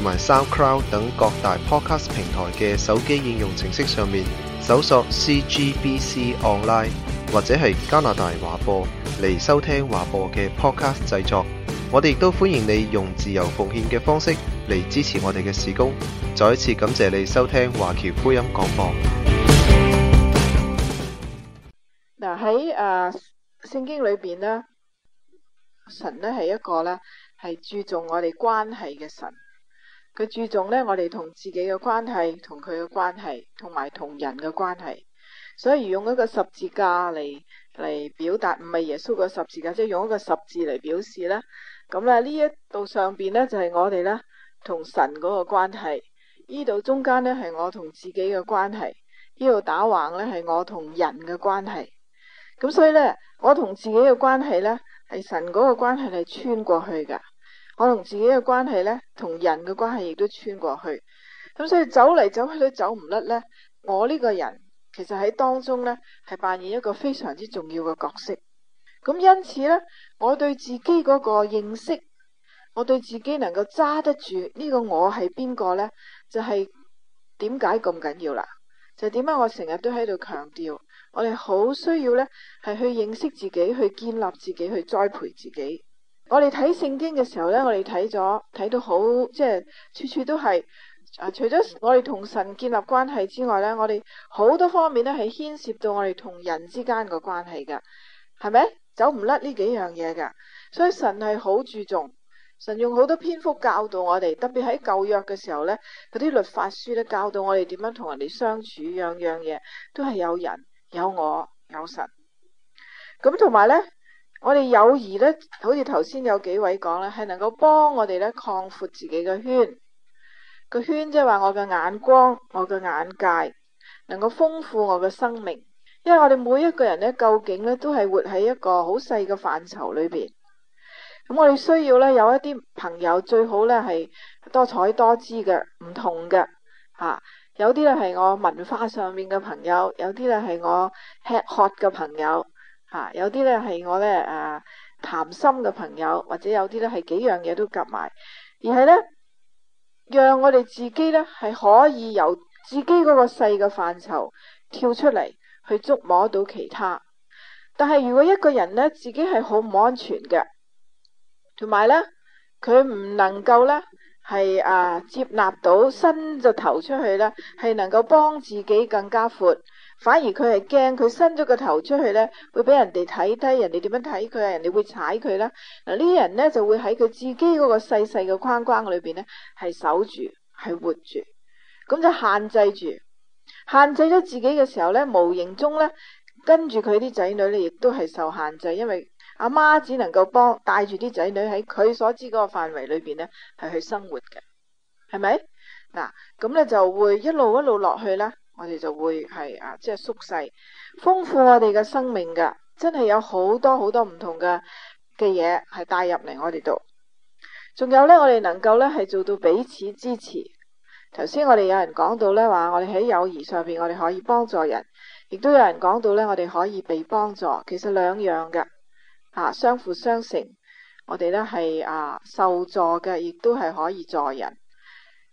同埋 SoundCloud 等各大 Podcast 平台嘅手機應用程式上面，搜索 CGBC Online 或者係加拿大華播嚟收聽華播嘅 Podcast 製作。我哋亦都歡迎你用自由奉獻嘅方式嚟支持我哋嘅事工。再一次感謝你收聽華僑福音廣播。嗱喺、uh, 聖經裏邊咧，神咧係一個咧係注重我哋關係嘅神。佢注重呢，我哋同自己嘅關係，同佢嘅關係，同埋同人嘅關係。所以用一個十字架嚟嚟表達，唔係耶穌嘅十字架，即係用一個十字嚟表示啦。咁咧呢一度上邊呢，就係我哋呢同神嗰個關係。呢度中間呢，係我同自己嘅關係。呢度打橫呢，係我同人嘅關係。咁所以呢，我同自己嘅關係呢，係神嗰個關係係穿過去㗎。我同自己嘅關係呢，同人嘅關係亦都穿過去，咁所以走嚟走去都走唔甩呢。我呢個人其實喺當中呢，係扮演一個非常之重要嘅角色。咁因此呢，我對自己嗰個認識，我對自己能夠揸得住呢個我係邊個呢？就係點解咁緊要啦，就係點解我成日都喺度強調，我哋好需要呢，係去認識自己，去建立自己，去栽培自己。我哋睇聖經嘅時候呢，我哋睇咗睇到好，即係處處都係啊！除咗我哋同神建立關係之外呢，我哋好多方面呢係牽涉到我哋同人之間個關係噶，係咪？走唔甩呢幾樣嘢噶，所以神係好注重，神用好多篇幅教導我哋，特別喺舊約嘅時候呢，嗰啲律法書呢教導我哋點樣同人哋相處，樣樣嘢都係有人、有我、有神，咁同埋呢。我哋友誼呢，好似頭先有幾位講呢，係能夠幫我哋呢擴闊自己嘅圈，個圈即係話我嘅眼光、我嘅眼界，能夠豐富我嘅生命。因為我哋每一個人呢，究竟呢都係活喺一個好細嘅範疇裏邊。咁我哋需要呢，有一啲朋友，最好呢係多彩多姿嘅、唔同嘅。吓、啊，有啲呢係我文化上面嘅朋友，有啲呢係我吃喝嘅朋友。嚇、啊，有啲咧係我咧誒、啊、談心嘅朋友，或者有啲咧係幾樣嘢都夾埋，而係咧讓我哋自己咧係可以由自己嗰個細嘅範疇跳出嚟去觸摸到其他。但係如果一個人咧自己係好唔安全嘅，同埋咧佢唔能夠咧係啊接納到伸隻頭出去咧，係能夠幫自己更加闊。反而佢係驚，佢伸咗個頭出去呢，會俾人哋睇低，人哋點樣睇佢啊？人哋會踩佢啦。嗱，呢啲人呢，就會喺佢自己嗰個細細嘅框框裏邊呢，係守住，係活住，咁就限制住，限制咗自己嘅時候呢，無形中呢，跟住佢啲仔女呢，亦都係受限制，因為阿媽，媽只能夠幫帶住啲仔女喺佢所知嗰個範圍裏邊呢，係去生活嘅，係咪？嗱，咁咧就會一路一路落去啦。我哋就會係啊，即係縮細，豐富我哋嘅生命噶，真係有好多好多唔同嘅嘅嘢係帶入嚟我哋度。仲有呢，我哋能夠呢係做到彼此支持。頭先我哋有人講到呢話，我哋喺友誼上邊，我哋可以幫助人，亦都有人講到呢，我哋可以被幫助。其實兩樣嘅吓、啊，相輔相成。我哋呢係啊，受助嘅，亦都係可以助人。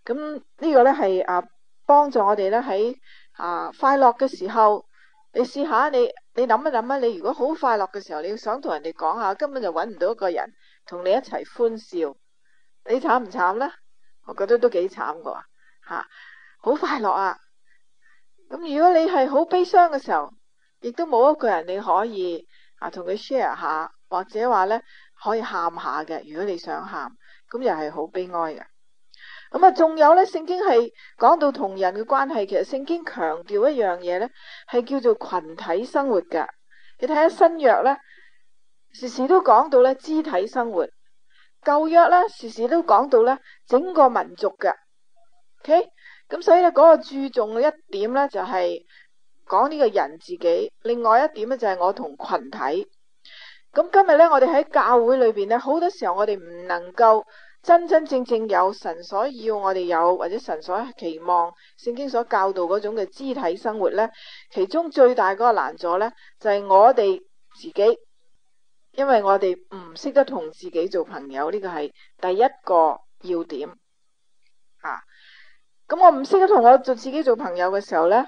咁呢、這個呢係啊。幫助我哋咧喺啊快樂嘅時候，你試下你你諗一諗啊，你如果好快樂嘅時候，你要想同人哋講下，根本就搵唔到一個人同你一齊歡笑，你慘唔慘呢？我覺得都幾慘噶吓，啊，好快樂啊！咁如果你係好悲傷嘅時候，亦都冇一個人你可以啊同佢 share 下，或者話呢可以喊下嘅。如果你想喊，咁又係好悲哀嘅。咁啊，仲有咧，聖經係講到同人嘅關係，其實聖經強調一樣嘢咧，係叫做群體生活噶。你睇下新約咧，時時都講到咧肢體生活；舊約咧，時時都講到咧整個民族噶。OK，咁所以咧嗰個注重嘅一點咧，就係講呢個人自己；另外一點咧，就係我同群體。咁今日咧，我哋喺教會裏邊咧，好多時候我哋唔能夠。真真正正有神所要我哋有，或者神所期望，聖經所教導嗰種嘅肢體生活咧，其中最大嗰個難處咧，就係我哋自己，因為我哋唔識得同自己做朋友，呢個係第一個要點。啊，咁我唔識得同我做自己做朋友嘅時候咧，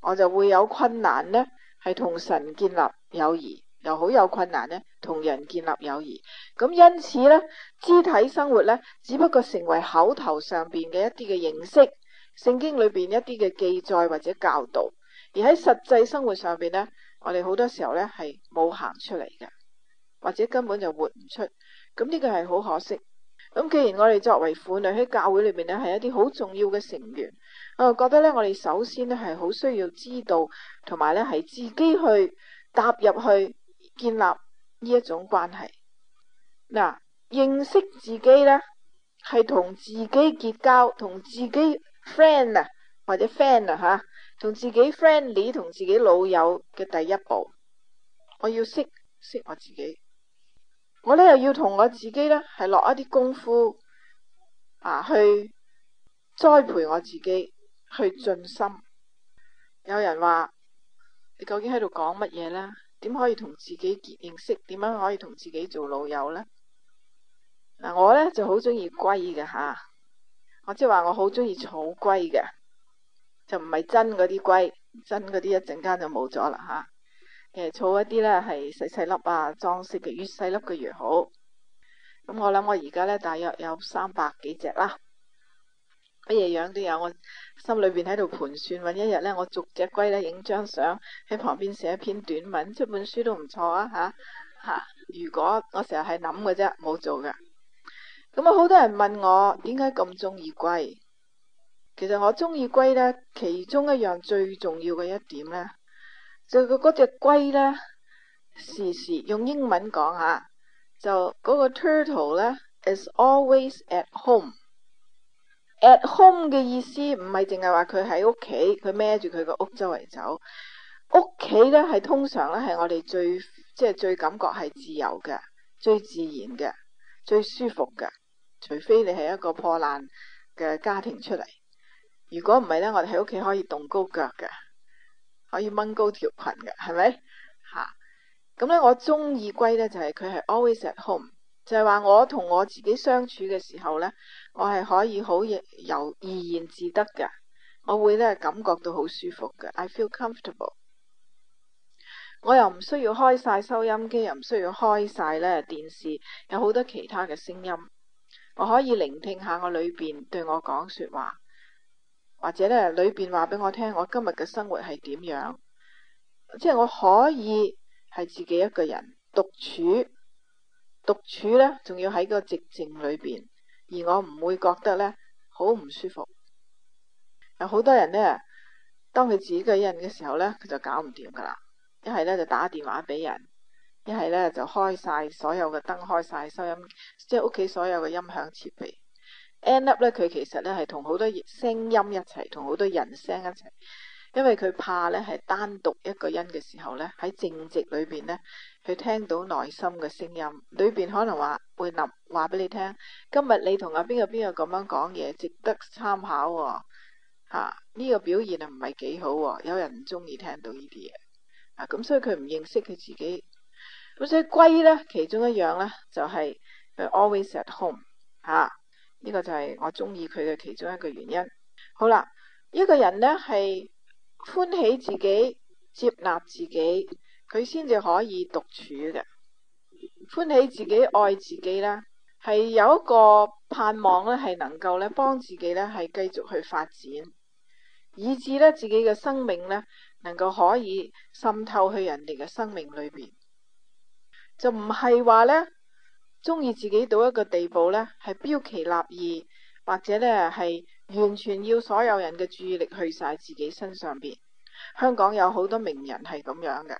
我就會有困難咧，係同神建立友誼。又好有困難咧，同人建立友誼咁，因此咧肢體生活咧，只不過成為口頭上邊嘅一啲嘅形式。聖經裏邊一啲嘅記載或者教導，而喺實際生活上邊咧，我哋好多時候咧係冇行出嚟嘅，或者根本就活唔出。咁呢個係好可惜。咁既然我哋作為婦女喺教會裏邊咧，係一啲好重要嘅成員，我覺得咧，我哋首先咧係好需要知道，同埋咧係自己去踏入去。建立呢一種關係，嗱，認識自己呢，係同自己結交，同自己 friend 啊，或者 friend 啊吓，同自己 friendly，同自己老友嘅第一步，我要識識我自己，我呢又要同我自己呢係落一啲功夫啊，去栽培我自己，去盡心。有人話：你究竟喺度講乜嘢呢？點可以同自己結認識？點樣可以同自己做老友呢？嗱、啊，我呢就好中意龜嘅吓、啊，我即係話我好中意草龜嘅，就唔係真嗰啲龜，真嗰啲一陣間就冇咗啦吓。誒、啊，草一啲呢係細細粒啊，裝飾嘅越細粒嘅越好。咁我諗我而家呢大約有三百幾隻，隻啦，乜嘢樣都有我。心裏邊喺度盤算，搵一日呢，我逐隻龜呢，影張相喺旁邊寫篇短文，出本書都唔錯啊！吓、啊、吓，如果我成日係諗嘅啫，冇做嘅。咁啊，好多人問我點解咁中意龜。其實我中意龜呢，其中一樣最重要嘅一點呢，就佢嗰隻龜呢，時時用英文講下，就嗰個 turtle 呢，is always at home。At home 嘅意思唔係淨係話佢喺屋企，佢孭住佢個屋周圍走。屋企咧係通常咧係我哋最即係最感覺係自由嘅、最自然嘅、最舒服嘅。除非你係一個破爛嘅家庭出嚟。如果唔係咧，我哋喺屋企可以動高腳嘅，可以掹高條裙嘅，係咪吓？咁、啊、咧，我中意歸咧就係、是、佢係 always at home，就係話我同我自己相處嘅時候咧。我係可以好亦又怡然自得噶，我會咧感覺到好舒服噶。I feel comfortable。我又唔需要開晒收音機，又唔需要開晒咧電視，有好多其他嘅聲音，我可以聆聽下我裏邊對我講說話，或者咧裏邊話俾我聽，我今日嘅生活係點樣，即係我可以係自己一個人獨處，獨處咧仲要喺個寂靜裏邊。而我唔會覺得呢好唔舒服。有好多人呢，當佢自己人嘅時候呢，佢就搞唔掂噶啦。一係呢，就打電話俾人，一係呢，就開晒所有嘅燈，開晒收音，即係屋企所有嘅音響設備。end up 呢，佢其實呢係同好多聲音一齊，同好多人聲一齊，因為佢怕呢係單獨一個人嘅時候呢，喺靜寂裏邊呢。佢聽到內心嘅聲音，裏邊可能話會諗話俾你聽。今日你同阿邊個邊個咁樣講嘢，值得參考喎、啊。呢、啊這個表現啊，唔係幾好。有人唔中意聽到呢啲嘢啊，咁所以佢唔認識佢自己。咁、啊、所以貴呢，其中一樣呢，就係、是、佢 always at home 嚇、啊。呢、這個就係我中意佢嘅其中一個原因。好啦，一個人呢，係歡喜自己，接納自己。佢先至可以獨處嘅，歡喜自己、愛自己啦，係有一個盼望呢係能夠咧幫自己呢係繼續去發展，以致呢自己嘅生命呢能夠可以滲透去人哋嘅生命裏邊，就唔係話呢中意自己到一個地步呢係標奇立異，或者呢係完全要所有人嘅注意力去晒自己身上邊。香港有好多名人係咁樣嘅。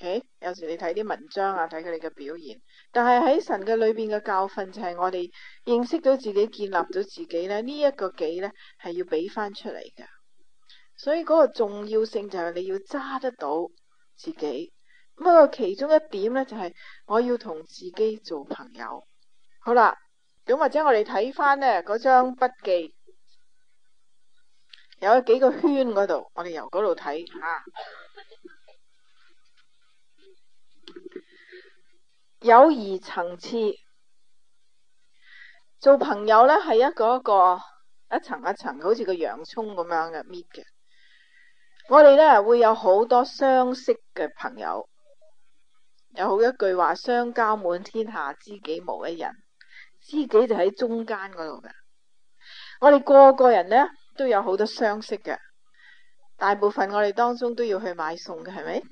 Okay? 有時你睇啲文章啊，睇佢哋嘅表現，但係喺神嘅裏邊嘅教訓就係我哋認識到自己，建立咗自己咧，這個、呢一個己咧係要俾翻出嚟噶。所以嗰個重要性就係你要揸得到自己。不過，其中一點咧就係、是、我要同自己做朋友。好啦，咁或者我哋睇翻呢嗰張筆記，有幾個圈嗰度，我哋由嗰度睇吓。友誼層次做朋友呢，係一個一個一層一層，好似個洋葱咁樣嘅搣嘅。我哋呢，會有好多相識嘅朋友，有好一句話：相交滿天下，知己無一人。知己就喺中間嗰度嘅。我哋個個人呢，都有好多相識嘅，大部分我哋當中都要去買餸嘅，係咪？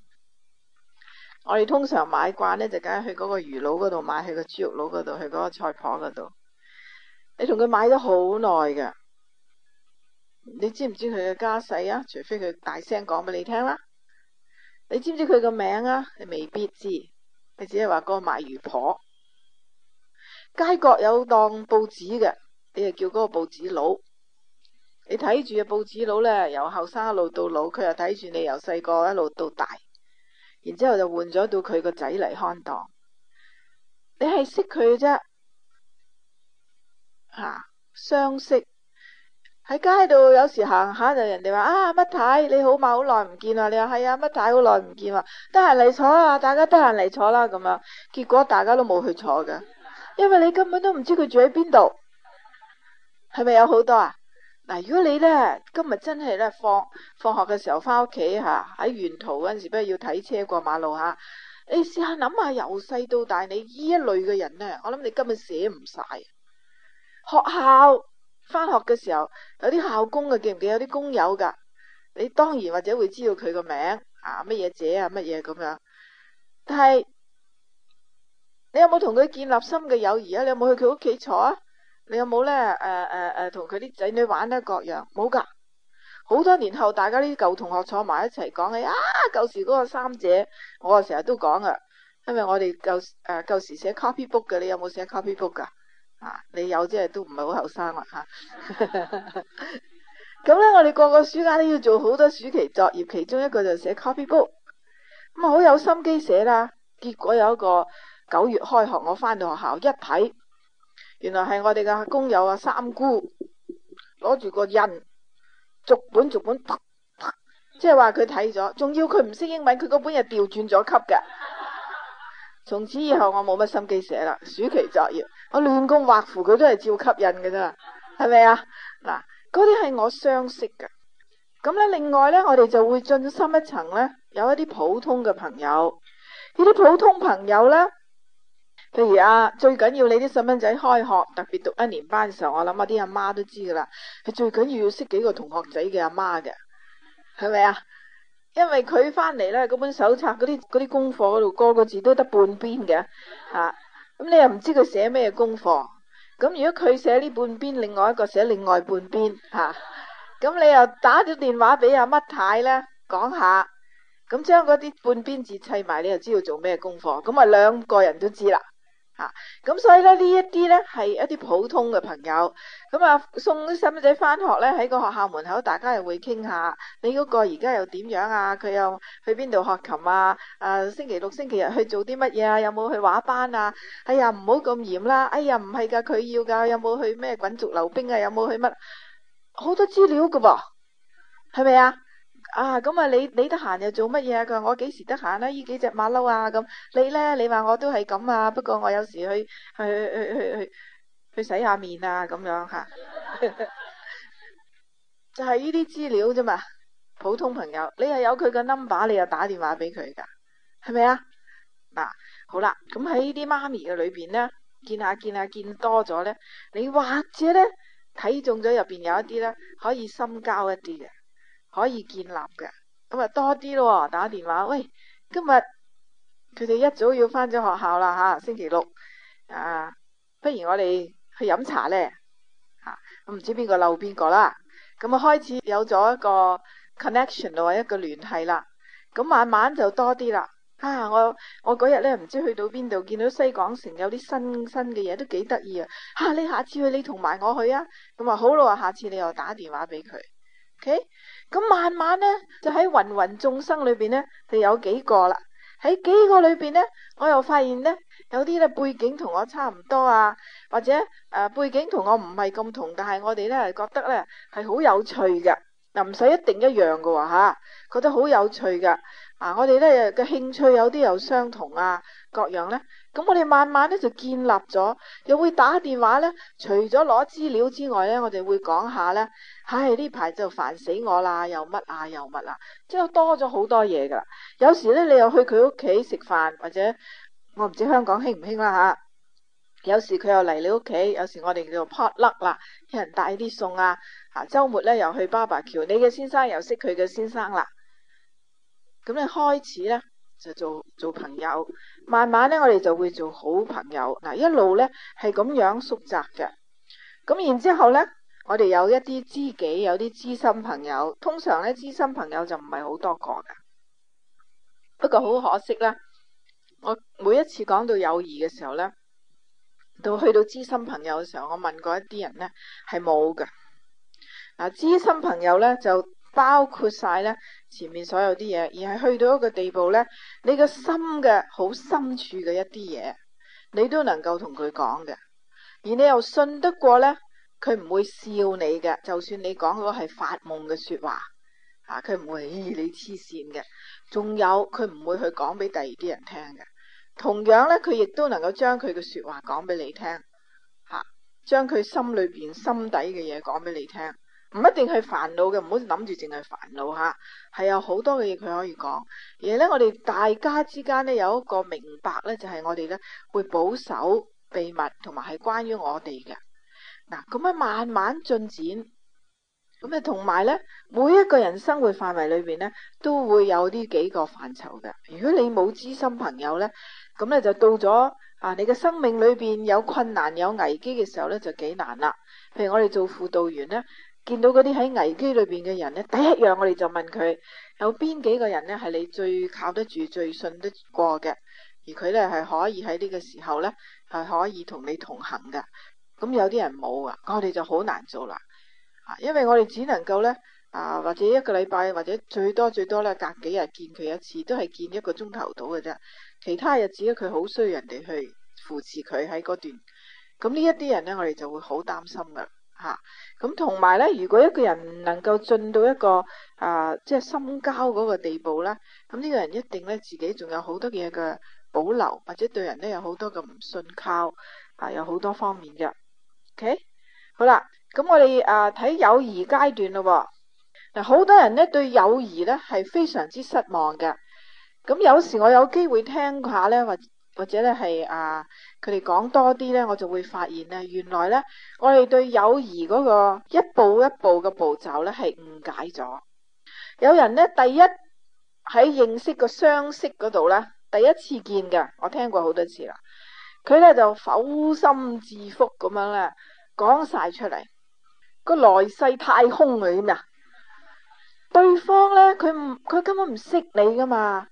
我哋通常買慣呢，就梗係去嗰個魚佬嗰度買，去個豬肉佬嗰度，去嗰個菜婆嗰度。你同佢買咗好耐嘅，你知唔知佢嘅家世啊？除非佢大聲講俾你聽啦。你知唔知佢個名啊？你未必知，你只係話嗰個賣魚婆。街角有檔報紙嘅，你就叫嗰個報紙佬。你睇住個報紙佬呢，由後生一路到老，佢又睇住你由細個一路到大。然之後就換咗到佢個仔嚟看檔，你係識佢嘅啫，吓、啊、相識喺街度，有時行下就人哋話，啊，乜太你好嘛？好耐唔見啊，你話係啊，乜太好耐唔見啊，得閒嚟坐啊，大家得閒嚟坐啦咁樣，結果大家都冇去坐㗎，因為你根本都唔知佢住喺邊度，係咪有好多啊？嗱，如果你咧今日真係咧放放學嘅時候翻屋企吓，喺沿途嗰陣時，不如要睇車過馬路吓，啊。你試下諗下，由細到大，你呢一類嘅人咧，我諗你根本寫唔晒。學校翻學嘅時候，有啲校工嘅記唔記得有啲工友噶？你當然或者會知道佢個名啊，乜嘢姐啊，乜嘢咁樣。但係你有冇同佢建立深嘅友誼啊？你有冇去佢屋企坐啊？你有冇咧？誒誒誒，同佢啲仔女玩得各樣冇噶。好多年後，大家啲舊同學坐埋一齊講起啊，舊時嗰個三姐，我啊成日都講噶，因為我哋舊誒舊、呃、時寫 copy book 嘅，你有冇寫 copy book 噶？啊，你有即係都唔係好後生啦嚇。咁、啊、咧， 我哋個個暑假都要做好多暑期作業，其中一個就寫 copy book。咁、嗯、啊，好有心機寫啦。結果有一個九月開學，我返到學校一睇。原來係我哋嘅工友啊，三姑攞住個印，逐本逐本，呃呃、即係話佢睇咗。仲要佢唔識英文，佢嗰本又調轉咗級嘅。從此以後我冇乜心機寫啦。暑期作業我亂咁畫符，佢都係照咁印嘅啫，係咪啊？嗱，嗰啲係我相識嘅。咁咧，另外咧，我哋就會進深一層咧，有一啲普通嘅朋友，呢啲普通朋友咧。譬如啊，最緊要你啲細蚊仔開學特別讀一年班嘅時候，我諗下啲阿媽都知噶啦。最緊要要識幾個同學仔嘅阿媽嘅，係咪啊？因為佢翻嚟咧，嗰本手冊嗰啲嗰啲功課嗰度，個個字都得半邊嘅吓。咁、啊、你又唔知佢寫咩功課。咁如果佢寫呢半邊，另外一個寫另外半邊吓。咁、啊、你又打咗電話俾阿乜太咧，講下。咁將嗰啲半邊字砌埋，你就知道做咩功課。咁啊，兩個人都知啦。嚇！咁、啊、所以咧，呢一啲呢係一啲普通嘅朋友咁啊，送啲細蚊仔翻學呢？喺個學校門口，大家又會傾下你嗰個而家又點樣啊？佢又去邊度學琴啊？啊，星期六、星期日去做啲乜嘢啊？有冇去畫班啊？哎呀，唔好咁嚴啦！哎呀，唔係㗎，佢要㗎，有冇去咩滾軸溜冰啊？有冇去乜？好多資料㗎噃，係咪啊？啊，咁啊，你你得閒又做乜嘢啊？佢話我幾時得閒啊？呢幾隻馬騮啊咁，你咧，你話我都係咁啊，不過我有時去去去去去去洗下面啊咁樣吓， 就係呢啲資料啫嘛。普通朋友，你係有佢嘅 number，你又打電話俾佢噶，係咪啊？嗱，好啦，咁喺呢啲媽咪嘅裏邊呢，見下見下見多咗呢，你或者呢，睇中咗入邊有一啲呢，可以深交一啲嘅。可以建立嘅咁啊，多啲咯，打電話喂。今日佢哋一早要返咗學校啦，吓、啊、星期六啊，不如我哋去飲茶呢。吓，我唔知邊個漏邊個啦。咁啊，誰誰開始有咗一個 connection 咯，一個聯繫啦。咁慢慢就多啲啦。吓、啊，我我嗰日呢，唔知去到邊度，見到西港城有啲新新嘅嘢，都幾得意啊。吓，你下次去，你同埋我去啊。咁啊，好咯，下次你又打電話俾佢。ok。咁慢慢咧，就喺芸芸眾生裏邊咧，就有幾個啦。喺幾個裏邊咧，我又發現咧，有啲咧背景同我差唔多啊，或者誒、呃、背景同我唔係咁同，但係我哋咧覺得咧係好有趣噶。嗱，唔使一定一樣噶喎，吓、啊，覺得好有趣噶。啊！我哋咧嘅興趣有啲又相同啊，各樣咧。咁我哋慢慢咧就建立咗，又會打電話咧。除咗攞資料之外咧，我哋會講下咧。唉，呢排就煩死我啦，又乜啊又乜啊，即係多咗好多嘢噶。有時咧你又去佢屋企食飯，或者我唔知香港興唔興啦嚇。有時佢又嚟你屋企，有時我哋叫做 potluck 啦，有人帶啲餸啊。啊，週末咧又去 BBQ，你嘅先生又識佢嘅先生啦。咁你開始咧就做做朋友，慢慢咧我哋就會做好朋友。嗱，一路咧係咁樣縮窄嘅。咁然之後咧，我哋有一啲知己，有啲知心朋友。通常咧，知心朋友就唔係好多個㗎。不過好可惜咧，我每一次講到友誼嘅時候咧，到去到知心朋友嘅時候，我問過一啲人咧係冇㗎。嗱，知心朋友咧就～包括晒呢前面所有啲嘢，而係去到一個地步呢，你個心嘅好深處嘅一啲嘢，你都能夠同佢講嘅。而你又信得過呢，佢唔會笑你嘅，就算你講嗰係發夢嘅說話，啊，佢唔會咦你黐綫嘅。仲有佢唔會去講俾第二啲人聽嘅。同樣呢，佢亦都能夠將佢嘅說話講俾你聽，吓，將佢心裏邊心底嘅嘢講俾你聽。唔一定係煩惱嘅，唔好諗住淨係煩惱吓，係有好多嘅嘢，佢可以講。而咧，我哋大家之間咧有一個明白咧，就係我哋咧會保守秘密，同埋係關於我哋嘅。嗱，咁啊慢慢進展，咁啊同埋咧，每一個人生活範圍裏邊咧都會有呢幾個範疇嘅。如果你冇知心朋友咧，咁咧就到咗啊，你嘅生命裏邊有困難、有危機嘅時候咧，就幾難啦。譬如我哋做輔導員咧。見到嗰啲喺危機裏邊嘅人呢，第一樣我哋就問佢，有邊幾個人呢？係你最靠得住、最信得過嘅？而佢呢，係可以喺呢個時候呢，係可以同你同行嘅。咁有啲人冇啊，我哋就好難做啦。因為我哋只能夠呢，啊，或者一個禮拜，或者最多最多呢，隔幾日見佢一次，都係見一個鐘頭到嘅啫。其他日子呢，佢好需要人哋去扶持佢喺嗰段。咁呢一啲人呢，我哋就會好擔心啦。嚇咁同埋咧，如果一個人能夠進到一個啊，即係深交嗰個地步咧，咁、啊、呢、這個人一定咧自己仲有好多嘢嘅保留，或者對人咧有好多嘅唔信靠，嚇、啊、有好多方面嘅。OK，好啦，咁我哋啊睇友誼階段咯、哦。嗱、啊，好多人咧對友誼咧係非常之失望嘅。咁有時我有機會聽下咧話。或或者咧係啊，佢哋講多啲咧，我就會發現咧，原來咧，我哋對友誼嗰個一步一步嘅步驟咧，係誤解咗。有人咧第一喺認識個相識嗰度咧，第一次見嘅，我聽過好多次啦。佢咧就否心置腹咁樣咧講晒出嚟，這個內世太空啦，點啊？對方咧佢唔佢根本唔識你噶嘛？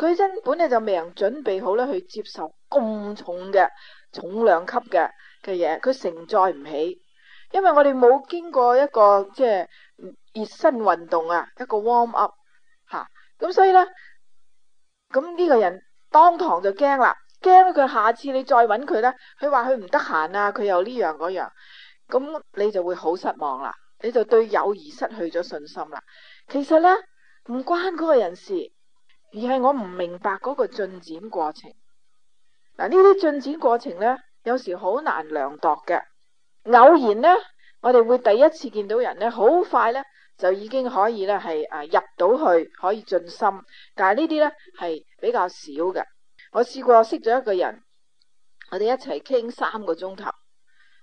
佢根本咧就未人準備好咧去接受咁重嘅、重量級嘅嘅嘢，佢承載唔起，因為我哋冇經過一個即係熱身運動啊，一個 warm up 吓、啊，咁所以咧，咁呢個人當堂就驚啦，驚佢下次你再揾佢咧，佢話佢唔得閒啊，佢又呢樣嗰樣，咁你就會好失望啦，你就對友誼失去咗信心啦。其實咧，唔關嗰個人事。而係我唔明白嗰個進展過程。嗱，呢啲進展過程呢，有時好難量度嘅。偶然呢，我哋會第一次見到人呢，好快呢，就已經可以呢，係啊入到去，可以進心。但係呢啲呢，係比較少嘅。我試過識咗一個人，我哋一齊傾三個鐘頭，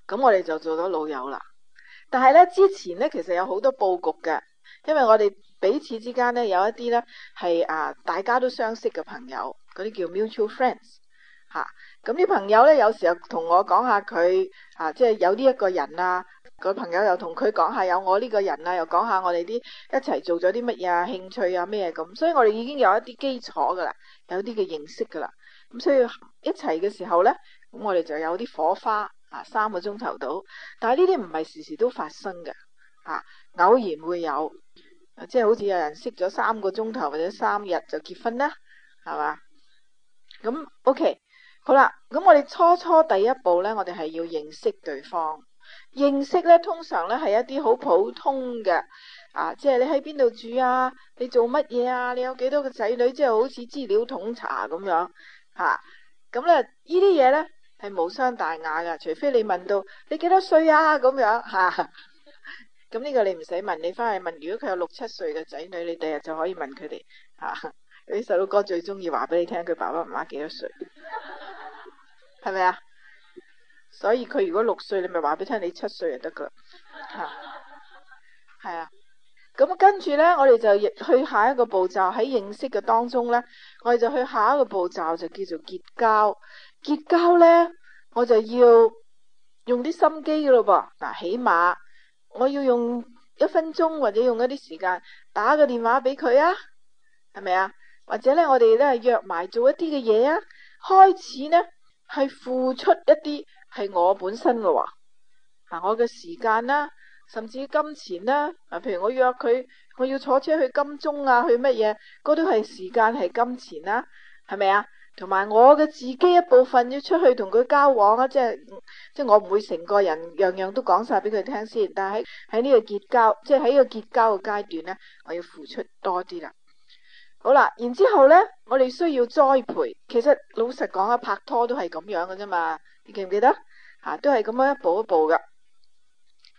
咁我哋就做到老友啦。但係呢，之前呢，其實有好多佈局嘅，因為我哋，彼此之間咧有一啲咧係啊，大家都相識嘅朋友，嗰啲叫 mutual friends 嚇。咁啲朋友咧，有時候同我講下佢啊，即係有呢一個人啊，個朋友又同佢講下有我呢個人啊，又講下我哋啲一齊做咗啲乜嘢啊、興趣啊咩咁。所以我哋已經有一啲基礎噶啦，有啲嘅認識噶啦。咁所以一齊嘅時候呢，咁我哋就有啲火花啊，三個鐘頭到。但係呢啲唔係時時都發生嘅嚇，偶然會有。即係好似有人識咗三個鐘頭或者三日就結婚啦，係嘛？咁 OK，好啦，咁我哋初初第一步呢，我哋係要認識對方。認識呢，通常呢係一啲好普通嘅，啊，即係你喺邊度住啊，你做乜嘢啊，你有幾多個仔女，即係好似資料統查咁樣，吓、啊。咁咧呢啲嘢呢，係無傷大雅噶，除非你問到你幾多歲啊咁樣，吓、啊。啊咁呢個你唔使問，你翻去問。如果佢有六七歲嘅仔女，你第日就可以問佢哋。吓、啊，啲細佬哥最中意話俾你聽佢爸爸媽媽幾多歲，係咪啊？所以佢如果六歲，你咪話俾佢聽你七歲就得噶啦。吓，係啊。咁跟住呢，我哋就去下一個步驟喺，認識嘅當中呢，我哋就去下一個步驟就叫做結交。結交呢，我就要用啲心機嘅咯噃。嗱，起碼。我要用一分鐘或者用一啲時間打個電話俾佢啊，係咪啊？或者咧，我哋都係約埋做一啲嘅嘢啊。開始呢，係付出一啲係我本身嘅話，嗱，我嘅時間啦，甚至金錢啦。啊，譬如我約佢，我要坐車去金鐘啊，去乜嘢？嗰都係時間係金錢啦，係咪啊？是同埋我嘅自己一部分要出去同佢交往啊，即係即係我唔會成個人樣樣都講晒俾佢聽先。但係喺呢個結交，即係喺呢個結交嘅階段呢，我要付出多啲啦。好啦，然之後呢，我哋需要栽培。其實老實講啊，拍拖都係咁樣嘅啫嘛。你記唔記得啊？都係咁樣一步一步㗎。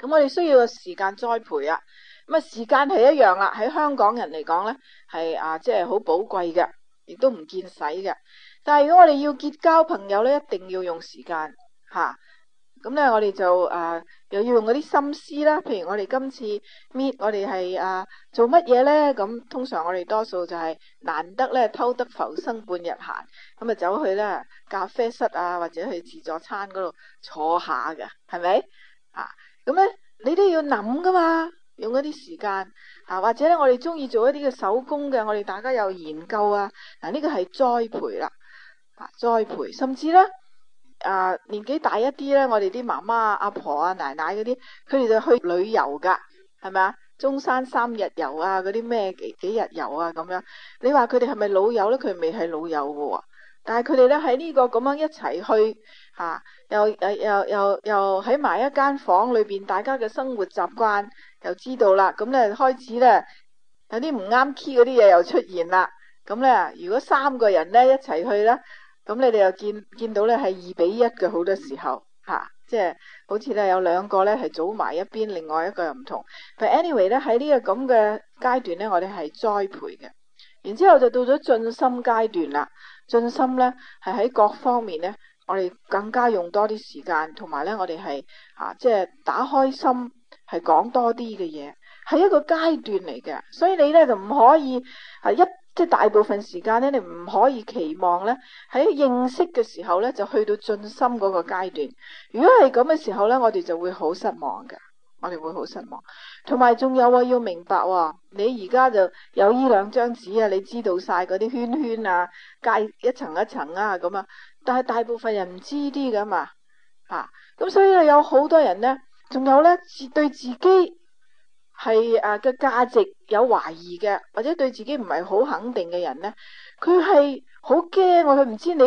咁我哋需要個時間栽培啊。咁啊，時間係一樣啦。喺香港人嚟講呢，係啊，即係好寶貴嘅，亦都唔見使嘅。但係如果我哋要結交朋友咧，一定要用時間吓，咁、啊、咧我哋就誒、啊、又要用嗰啲心思啦。譬如我哋今次 meet，我哋係誒做乜嘢咧？咁通常我哋多數就係難得咧偷得浮生半日閒，咁啊走去啦咖啡室啊，或者去自助餐嗰度坐下噶，係咪？啊，咁咧你都要諗噶嘛，用嗰啲時間啊，或者咧我哋中意做一啲嘅手工嘅，我哋大家有研究啊，嗱、啊、呢、呢個係栽培啦。栽培，甚至咧，啊年紀大一啲咧，我哋啲媽媽、阿婆啊、奶奶嗰啲，佢哋就去旅遊噶，係咪啊？中山三日遊啊，嗰啲咩幾幾日遊啊，咁樣。你話佢哋係咪老友咧？佢未係老友嘅喎、哦，但係佢哋咧喺呢個咁樣一齊去，啊，又又又又喺埋一間房裏邊，大家嘅生活習慣又知道啦。咁、嗯、咧開始咧有啲唔啱 key 嗰啲嘢又出現啦。咁、嗯、咧如果三個人咧一齊去咧。嗯嗯咁你哋又見見到咧係二比一嘅好多時候嚇，即、啊、係、即係、好似咧有兩個咧係組埋一邊，另外一個又唔同。But anyway 咧喺呢個咁嘅階段咧，我哋係栽培嘅，然之後就到咗進深階段啦。進深咧係喺各方面咧，我哋更加用多啲時間，同埋咧我哋係嚇即係打開心，係講多啲嘅嘢，係一個階段嚟嘅，所以你咧就唔可以係、啊、一。即係大部分時間咧，你唔可以期望咧喺認識嘅時候咧，就去到盡心嗰個階段。如果係咁嘅時候咧，我哋就會好失望嘅。我哋會好失望。同埋仲有啊，要明白喎、哦，你而家就有依兩張紙啊，你知道晒嗰啲圈圈啊，界一層一層啊咁啊。但係大部分人唔知啲㗎嘛，嚇、啊。咁所以有好多人咧，仲有咧，自對自己。係誒個價值有懷疑嘅，或者對自己唔係好肯定嘅人呢，佢係好驚，我佢唔知你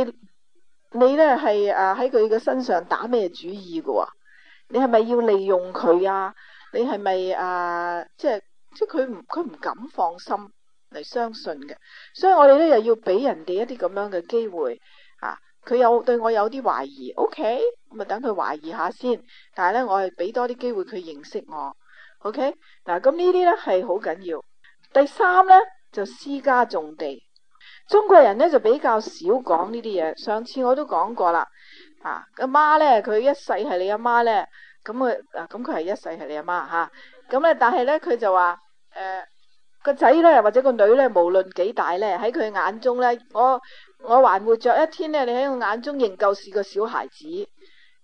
你咧係誒喺佢嘅身上打咩主意嘅喎？你係咪要利用佢啊？你係咪誒即係即係佢唔佢唔敢放心嚟相信嘅所以我哋呢又要俾人哋一啲咁樣嘅機會啊！佢有對我有啲懷疑，OK，咁啊等佢懷疑下先。但係呢，我係俾多啲機會佢認識我。OK 嗱，咁呢啲咧係好緊要。第三咧就私家重地，中國人咧就比較少講呢啲嘢。上次我都講過啦，啊，阿媽咧佢一世係你阿媽咧，咁佢啊咁佢係一世係你阿媽嚇。咁、啊、咧但係咧佢就話誒、呃、個仔咧或者個女咧無論幾大咧，喺佢眼中咧我我還活着一天咧，你喺我眼中仍舊是個小孩子，咁、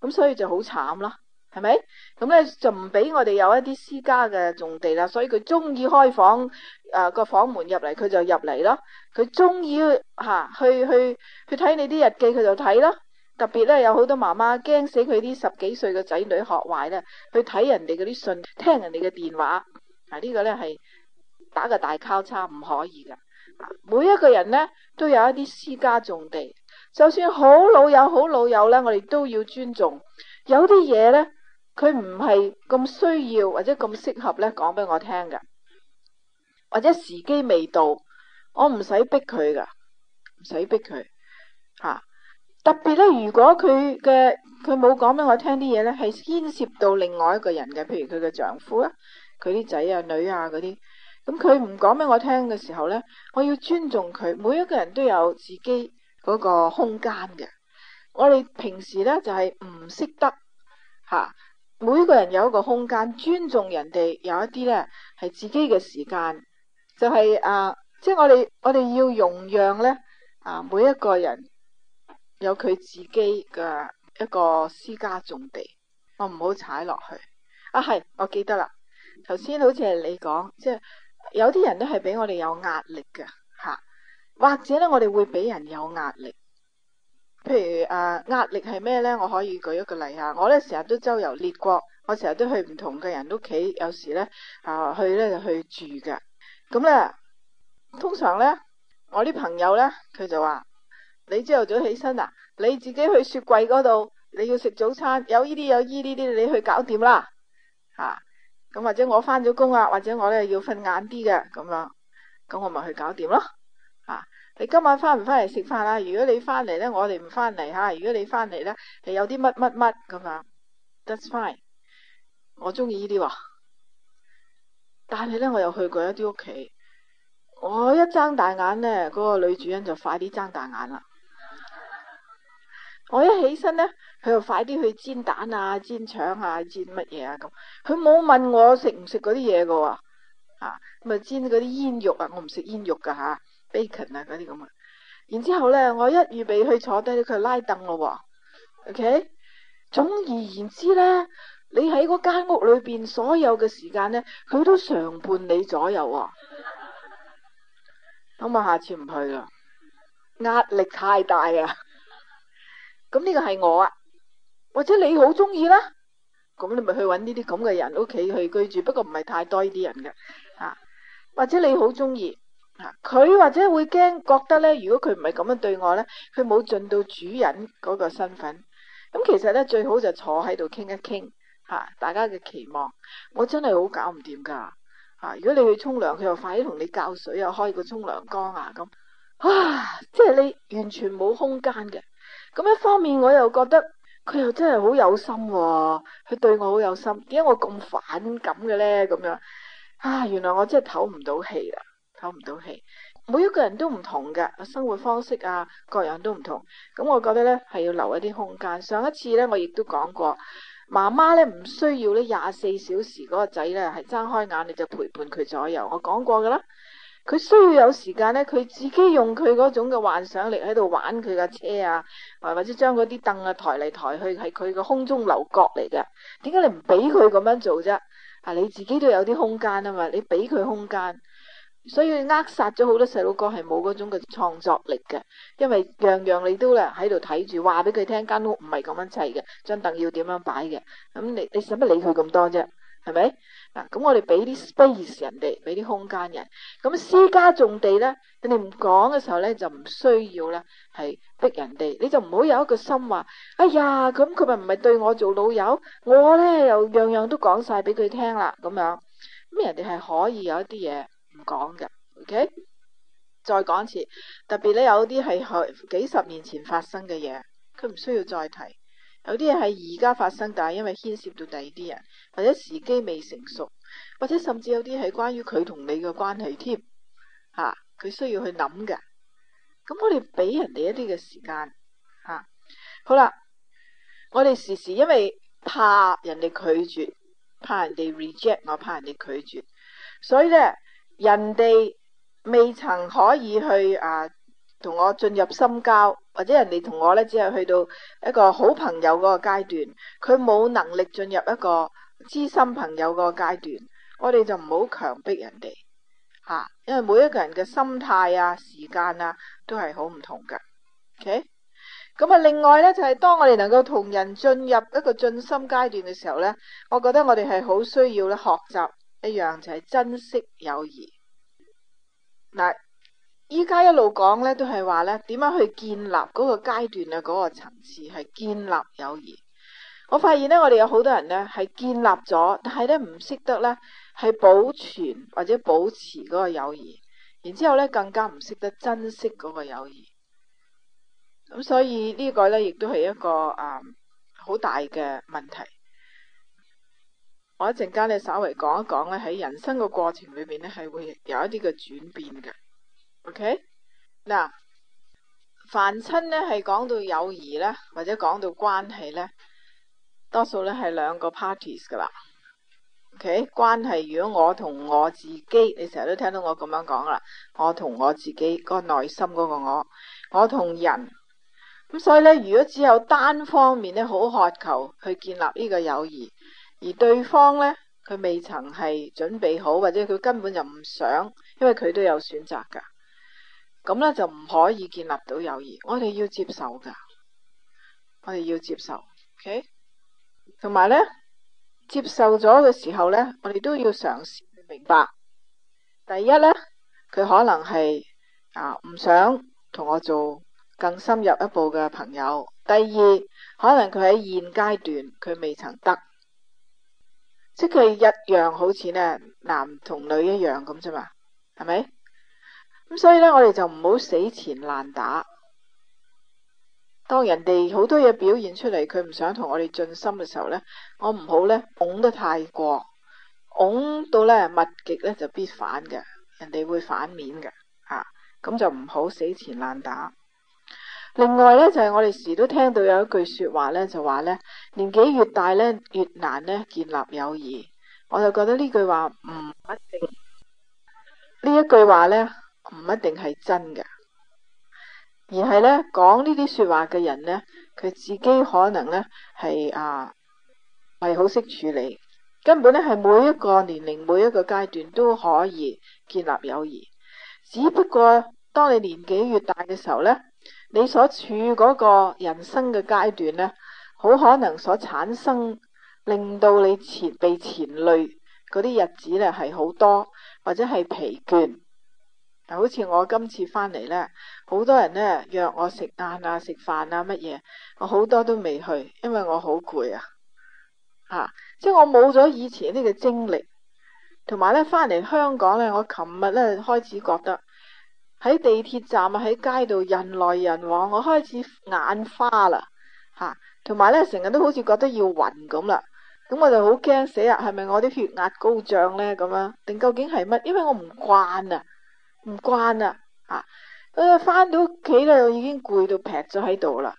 嗯、所以就好慘啦。係咪？咁咧就唔俾我哋有一啲私家嘅重地啦，所以佢中意開房，誒、呃、個房門入嚟，佢就入嚟咯。佢中意吓去去去睇你啲日記，佢就睇咯。特別咧有好多媽媽驚死佢啲十幾歲嘅仔女學壞咧，去睇人哋嗰啲信，聽人哋嘅電話，啊、這個、呢個咧係打個大交叉唔可以噶。每一個人咧都有一啲私家重地，就算好老友好老友咧，我哋都要尊重。有啲嘢咧，佢唔係咁需要，或者咁適合咧，講俾我聽嘅，或者時機未到，我唔使逼佢嘅，唔使逼佢嚇、啊。特別咧，如果佢嘅佢冇講俾我聽啲嘢咧，係牽涉到另外一個人嘅，譬如佢嘅丈夫啊，佢啲仔啊、女啊嗰啲，咁佢唔講俾我聽嘅時候咧，我要尊重佢。每一個人都有自己嗰個空間嘅。我哋平時咧就係唔識得嚇。啊。每一個人有一個空間，尊重人哋有一啲呢係自己嘅時間，就係、是、啊、呃，即係我哋我哋要容讓呢，啊、呃，每一個人有佢自己嘅一個私家重地，我唔好踩落去啊。係，我記得啦，頭先好似係你講，即係有啲人都係俾我哋有壓力嘅吓、啊，或者呢，我哋會俾人有壓力。譬如啊、呃，壓力係咩呢？我可以舉一個例吓，我呢成日都周遊列國，我成日都去唔同嘅人屋企，有時呢啊、呃、去呢就去住嘅。咁呢，通常呢，我啲朋友呢，佢就話：你朝頭早起身啊，你自己去雪櫃嗰度，你要食早餐，有呢啲有呢啲啲，你去搞掂啦吓。咁、啊、或者我翻咗工啊，或者我要呢要瞓晏啲嘅咁啊，咁我咪去搞掂咯。你今晚翻唔翻嚟食飯啦？如果你翻嚟咧，我哋唔翻嚟吓。如果你翻嚟咧，你有啲乜乜乜咁啊？That's fine。我中意呢啲喎。但係咧，我又去過一啲屋企。我一睜大眼咧，嗰個女主人就快啲睜大眼啦。我一起身咧，佢就快啲去煎蛋啊、煎腸啊、煎乜嘢啊咁。佢冇問我食唔食嗰啲嘢噶喎。啊，咪煎嗰啲煙肉啊，我唔食煙肉噶吓。bacon 啊啲咁啊，然之後咧我一預備去坐低佢拉凳咯喎，OK？總而言之咧，你喺嗰間屋裏邊所有嘅時間咧，佢都常伴你左右啊。咁 我下次唔去啦，壓力太大啊。咁 呢個係我啊，或者你好中意啦，咁你咪去搵呢啲咁嘅人屋企去居住，不過唔係太多呢啲人嘅啊。或者你好中意。佢或者會驚覺得咧，如果佢唔係咁樣對我呢，佢冇盡到主人嗰個身份。咁其實呢，最好就坐喺度傾一傾，吓、啊、大家嘅期望。我真係好搞唔掂噶，吓、啊、如果你去沖涼，佢又快啲同你教水又開個沖涼缸啊咁。哇、啊！即係你完全冇空間嘅。咁一方面我又覺得佢又真係好有、哦、有心，佢對我好有心。點解我咁反感嘅呢？咁樣啊？原來我真係唞唔到氣啦。唞唔到氣，每一個人都唔同嘅生活方式啊，各樣都唔同。咁我覺得呢係要留一啲空間。上一次呢，我亦都講過，媽媽呢唔需要呢廿四小時嗰個仔呢係睜開眼你就陪伴佢左右。我講過噶啦，佢需要有時間呢，佢自己用佢嗰種嘅幻想力喺度玩佢架車啊，或者將嗰啲凳啊抬嚟抬去，係佢嘅空中樓閣嚟嘅。點解你唔俾佢咁樣做啫？啊，你自己都有啲空間啊嘛，你俾佢空間。所以扼殺咗好多細路哥係冇嗰種嘅創作力嘅，因為樣樣你都咧喺度睇住話俾佢聽，間屋唔係咁樣砌嘅，張凳要點樣擺嘅，咁你你使乜理佢咁多啫？係咪？嗱，咁我哋俾啲 space 人哋，俾啲空間人。咁私家重地咧，人哋唔講嘅時候咧，就唔需要咧，係逼人哋。你就唔好有一個心話，哎呀，咁佢咪唔係對我做老友，我咧又樣樣都講晒俾佢聽啦，咁樣咁人哋係可以有一啲嘢。唔講嘅，OK？再講一次，特別咧有啲係許幾十年前發生嘅嘢，佢唔需要再提；有啲嘢係而家發生，但係因為牽涉到第二啲人，或者時機未成熟，或者甚至有啲係關於佢同你嘅關係添，吓、啊、佢需要去諗嘅。咁我哋俾人哋一啲嘅時間，吓、啊、好啦。我哋時時因為怕人哋拒絕，怕人哋 reject 我，怕人哋拒絕，所以呢。人哋未曾可以去啊，同我進入深交，或者人哋同我咧只係去到一個好朋友嗰個階段，佢冇能力進入一個知心朋友嗰個階段，我哋就唔好強迫人哋吓、啊，因為每一個人嘅心態啊、時間啊都係好唔同噶。OK，咁啊，另外呢，就係、是、當我哋能夠同人進入一個進心階段嘅時候呢，我覺得我哋係好需要咧學習。一樣就係珍惜友誼嗱，依家，一路講咧，都係話咧，點樣去建立嗰個階段嘅嗰個層次，係建立友誼。我發現呢，我哋有好多人呢係建立咗，但係呢唔識得呢係保存或者保持嗰個友誼，然之後咧，更加唔識得珍惜嗰個友誼。咁所以呢個呢亦都係一個誒好大嘅問題。我一陣間咧，稍微講一講咧，喺人生嘅過程裏邊咧，係會有一啲嘅轉變嘅。OK，嗱，凡親呢係講到友誼呢，或者講到關係呢，多數呢係兩個 parties 噶啦。OK，關係如果我同我自己，你成日都聽到我咁樣講啦，我同我自己個內心嗰個我，我同人咁，所以呢，如果只有單方面呢，好渴求去建立呢個友誼。而對方呢，佢未曾係準備好，或者佢根本就唔想，因為佢都有選擇噶。咁呢，就唔可以建立到友誼。我哋要接受噶，我哋要接受。同埋 Okay? 呢，接受咗嘅時候呢，我哋都要嘗試明白。第一呢，佢可能係啊唔想同我做更深入一步嘅朋友。第二，可能佢喺現階段佢未曾得。即係一樣，好似咧男同女一樣咁啫嘛，係咪？咁所以呢，我哋就唔好死纏爛打。當人哋好多嘢表現出嚟，佢唔想同我哋盡心嘅時候呢，我唔好呢拱得太過，拱到呢物極呢就必反嘅，人哋會反面嘅吓，咁就唔好死纏爛打。另外呢，就係、是、我哋時都聽到有一句說話呢，就話呢：「年紀越大呢，越難呢建立友誼。」我就覺得呢句話唔一定呢、嗯、一句話呢，唔一定係真嘅，而係呢講呢啲說話嘅人呢，佢自己可能呢係啊係好識處理。根本呢，係每一個年齡每一個階段都可以建立友誼，只不過當你年紀越大嘅時候呢。你所處嗰個人生嘅階段呢，好可能所產生令到你前備前累嗰啲日子呢，係好多，或者係疲倦。嗯、好似我今次翻嚟呢，好多人呢約我食晏啊、食飯啊乜嘢，我好多都未去，因為我好攰啊。吓、啊，即係我冇咗以前呢個精力，同埋呢翻嚟香港呢，我琴日呢開始覺得。喺地鐵站啊，喺街度人來人往，我開始眼花啦，吓、啊，同埋咧成日都好似覺得要暈咁啦，咁、啊、我就好驚死啊！係咪我啲血壓高漲咧？咁樣定究竟係乜？因為我唔慣啊，唔慣啊，啊，翻到屋企咧，我已經攰到劈咗喺度啦。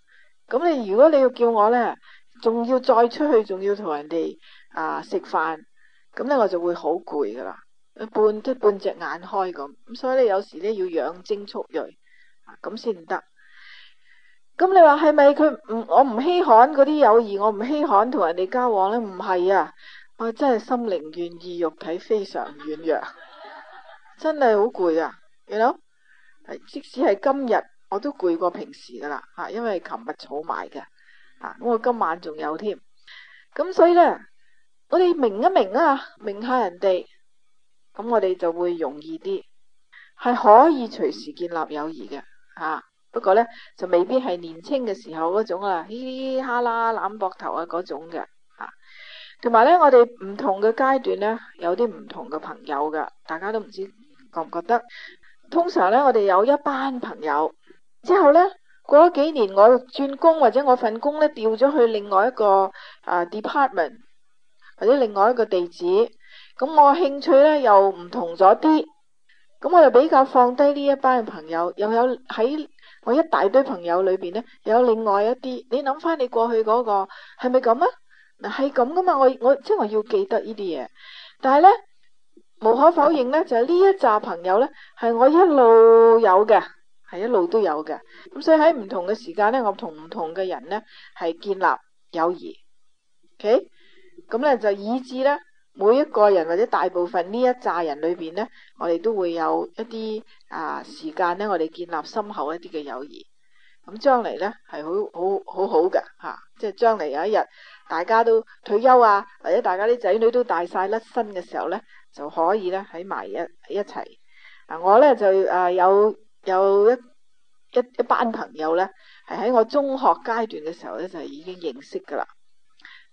咁、啊、你如果你要叫我咧，仲要再出去，仲要同人哋啊食飯，咁咧我就會好攰噶啦。半出半隻眼開咁，咁所以咧有時咧要養精蓄銳，咁先得。咁你話係咪佢唔我唔稀罕嗰啲友誼，我唔稀罕同人哋交往呢？唔係啊，我真係心靈願意，肉體非常軟弱，真係好攰啊！You know? 即使係今日我都攰過平時噶啦，吓，因為琴日儲埋嘅，啊，咁我今晚仲有添，咁所以呢，我哋明一明啊，明下人哋。咁我哋就會容易啲，係可以隨時建立友誼嘅嚇。不過呢，就未必係年青嘅時候嗰種啊，嘻嘻哈哈攬膊頭啊嗰種嘅。同埋呢，我哋唔同嘅階段呢，有啲唔同嘅朋友噶，大家都唔知覺唔覺得？通常呢，我哋有一班朋友，之後呢，過咗幾年，我轉工或者我份工呢，調咗去另外一個、呃、department，或者另外一個地址。咁我興趣咧又唔同咗啲，咁我就比較放低呢一班嘅朋友，又有喺我一大堆朋友裏邊咧，又有另外一啲。你諗翻你過去嗰個係咪咁啊？嗱，係咁噶嘛，我我,我即係我要記得呢啲嘢。但係咧，無可否認咧，就係、是、呢一紮朋友咧，係我一路有嘅，係一路都有嘅。咁所以喺唔同嘅時間咧，我同唔同嘅人咧，係建立友誼。OK，咁咧就以致咧。每一個人或者大部分呢一紮人裏邊呢，我哋都會有一啲啊、呃、時間呢，我哋建立深厚一啲嘅友誼。咁將嚟呢係好，好好好嘅吓，即係將嚟有一日大家都退休啊，或者大家啲仔女都大晒甩身嘅時候呢，就可以呢喺埋一一齊。啊，我呢就啊、呃、有有一一，一，一班朋友呢，係喺我中學階段嘅時候呢，就已經認識噶啦。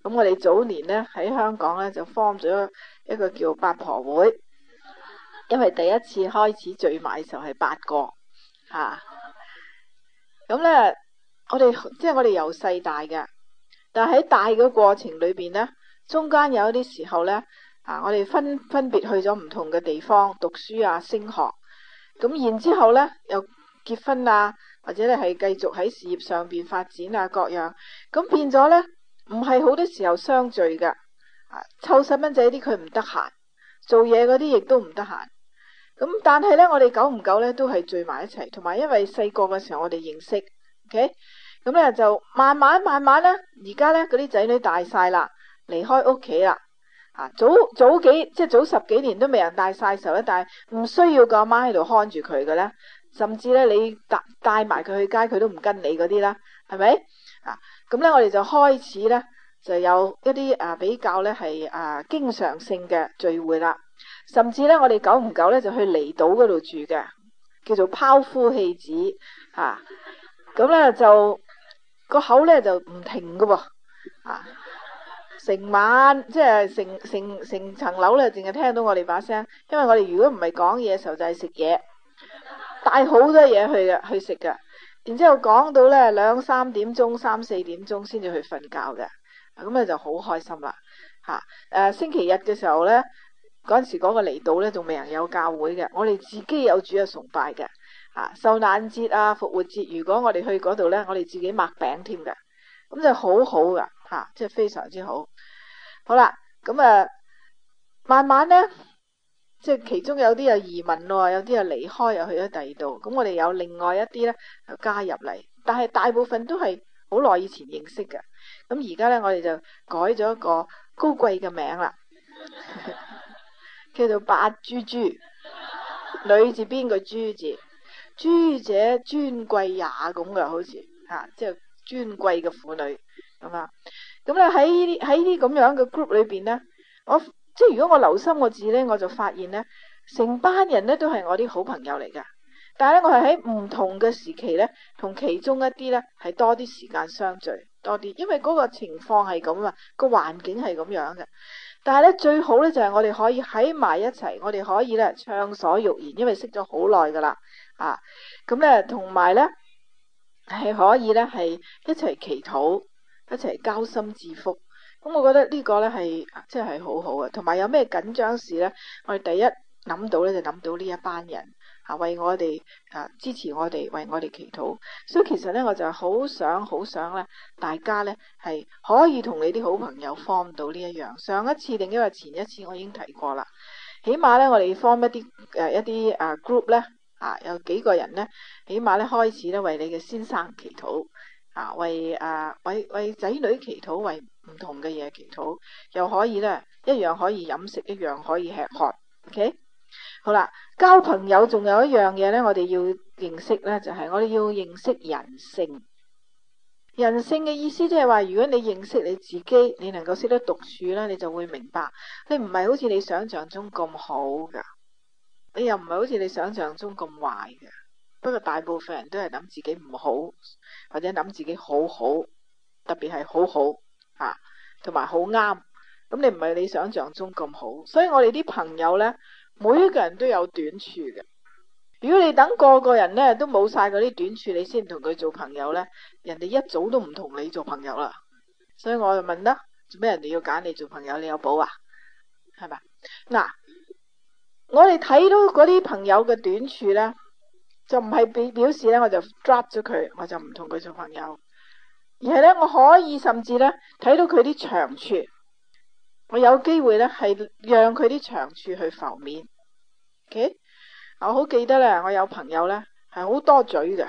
咁我哋早年呢，喺香港呢，就 form 咗一個叫八婆會，因為第一次開始聚埋就係八個，吓、啊。咁呢，我哋即係我哋由細大嘅，但係喺大嘅過程裏邊呢，中間有一啲時候呢，啊，我哋分分別去咗唔同嘅地方讀書啊升學，咁然之後咧又結婚啊，或者咧係繼續喺事業上邊發展啊各樣，咁變咗呢。唔係好多時候相聚噶，啊，湊細蚊仔啲佢唔得閒，做嘢嗰啲亦都唔得閒。咁、啊、但係咧，我哋久唔久咧都係聚埋一齊，同埋因為細個嘅時候我哋認識，OK，咁、嗯、咧就慢慢慢慢咧，而家咧嗰啲仔女大晒啦，離開屋企啦，啊，早早幾即係早十幾年都未人大晒時候咧，但係唔需要個阿媽喺度看住佢嘅咧，甚至咧你帶帶埋佢去街，佢都唔跟你嗰啲啦，係咪？啊，咁咧我哋就開始咧，就有一啲啊比較咧係啊經常性嘅聚會啦，甚至咧我哋久唔久咧就去離島嗰度住嘅，叫做拋夫棄子啊，咁咧就個口咧就唔停㗎喎，啊，成晚即係成成成層樓咧，淨係聽到我哋把聲，因為我哋如果唔係講嘢嘅時候就係食嘢，帶好多嘢去嘅去食嘅。然之後講到咧兩三點鐘、三四點鐘先至去瞓覺嘅，咁咧就好開心啦，吓、啊、誒星期日嘅時候咧，嗰陣時嗰個嚟到咧仲未人有教會嘅，我哋自己有主啊崇拜嘅，啊受難節啊復活節，如果我哋去嗰度咧，我哋自己擘餅添嘅，咁就好好噶吓，即係非常之好。好啦，咁啊慢慢咧。即係其中有啲有移民喎，有啲又離開又去咗第二度。咁我哋有另外一啲咧又加入嚟，但係大部分都係好耐以前認識嘅。咁而家咧，我哋就改咗個高貴嘅名啦， 叫做八豬豬。女字邊個豬字？豬者尊貴也，咁嘅好似嚇、啊，即係尊貴嘅婦女咁啊。咁咧喺呢啲喺呢啲咁樣嘅 group 裏邊咧，我。即係如果我留心個字咧，我就發現咧，成班人咧都係我啲好朋友嚟噶。但係咧，我係喺唔同嘅時期咧，同其中一啲咧係多啲時間相聚多啲，因為嗰個情況係咁啊，個環境係咁樣嘅。但係咧最好咧就係、是、我哋可以喺埋一齊，我哋可以咧暢所欲言，因為識咗好耐噶啦啊。咁咧同埋咧係可以咧係一齊祈禱，一齊交心致福。咁、嗯，我覺得呢個呢，係真係好好啊！同埋有咩緊張事呢？我哋第一諗到呢，就諗到呢一班人啊，為我哋啊，支持我哋，為我哋祈禱。所、so, 以其實呢，我就好想好想呢，大家呢係可以同你啲好朋友 form 到呢一樣。上一次定因為前一次，我已經提過啦。起碼呢，我哋 form 一啲誒、啊、一啲啊 group 呢，啊，有幾個人呢，起碼呢開始呢，為你嘅先生祈禱啊，為啊為為仔女祈禱為。唔同嘅嘢祈禱，又可以呢，一樣可以飲食，一樣可以吃喝。OK，好啦，交朋友仲有一樣嘢呢，我哋要認識呢，就係我哋要認識人性。人性嘅意思即係話，如果你認識你自己，你能夠識得獨處呢，你就會明白，你唔係好似你想象中咁好噶，你又唔係好似你想象中咁壞噶。不過大部分人都係諗自己唔好，或者諗自己好好，特別係好好。吓，同埋好啱，咁你唔係你想象中咁好，所以我哋啲朋友呢，每一個人都有短處嘅。如果你等個個人呢都冇晒嗰啲短處，你先同佢做朋友呢，人哋一早都唔同你做朋友啦。所以我就問啦，做咩人哋要揀你做朋友？你有寶啊？係咪？嗱，我哋睇到嗰啲朋友嘅短處呢，就唔係表表示呢，我就 drop 咗佢，我就唔同佢做朋友。而係咧，我可以甚至咧睇到佢啲長處，我有機會咧係讓佢啲長處去浮面。OK，我好記得咧，我有朋友咧係好多嘴嘅，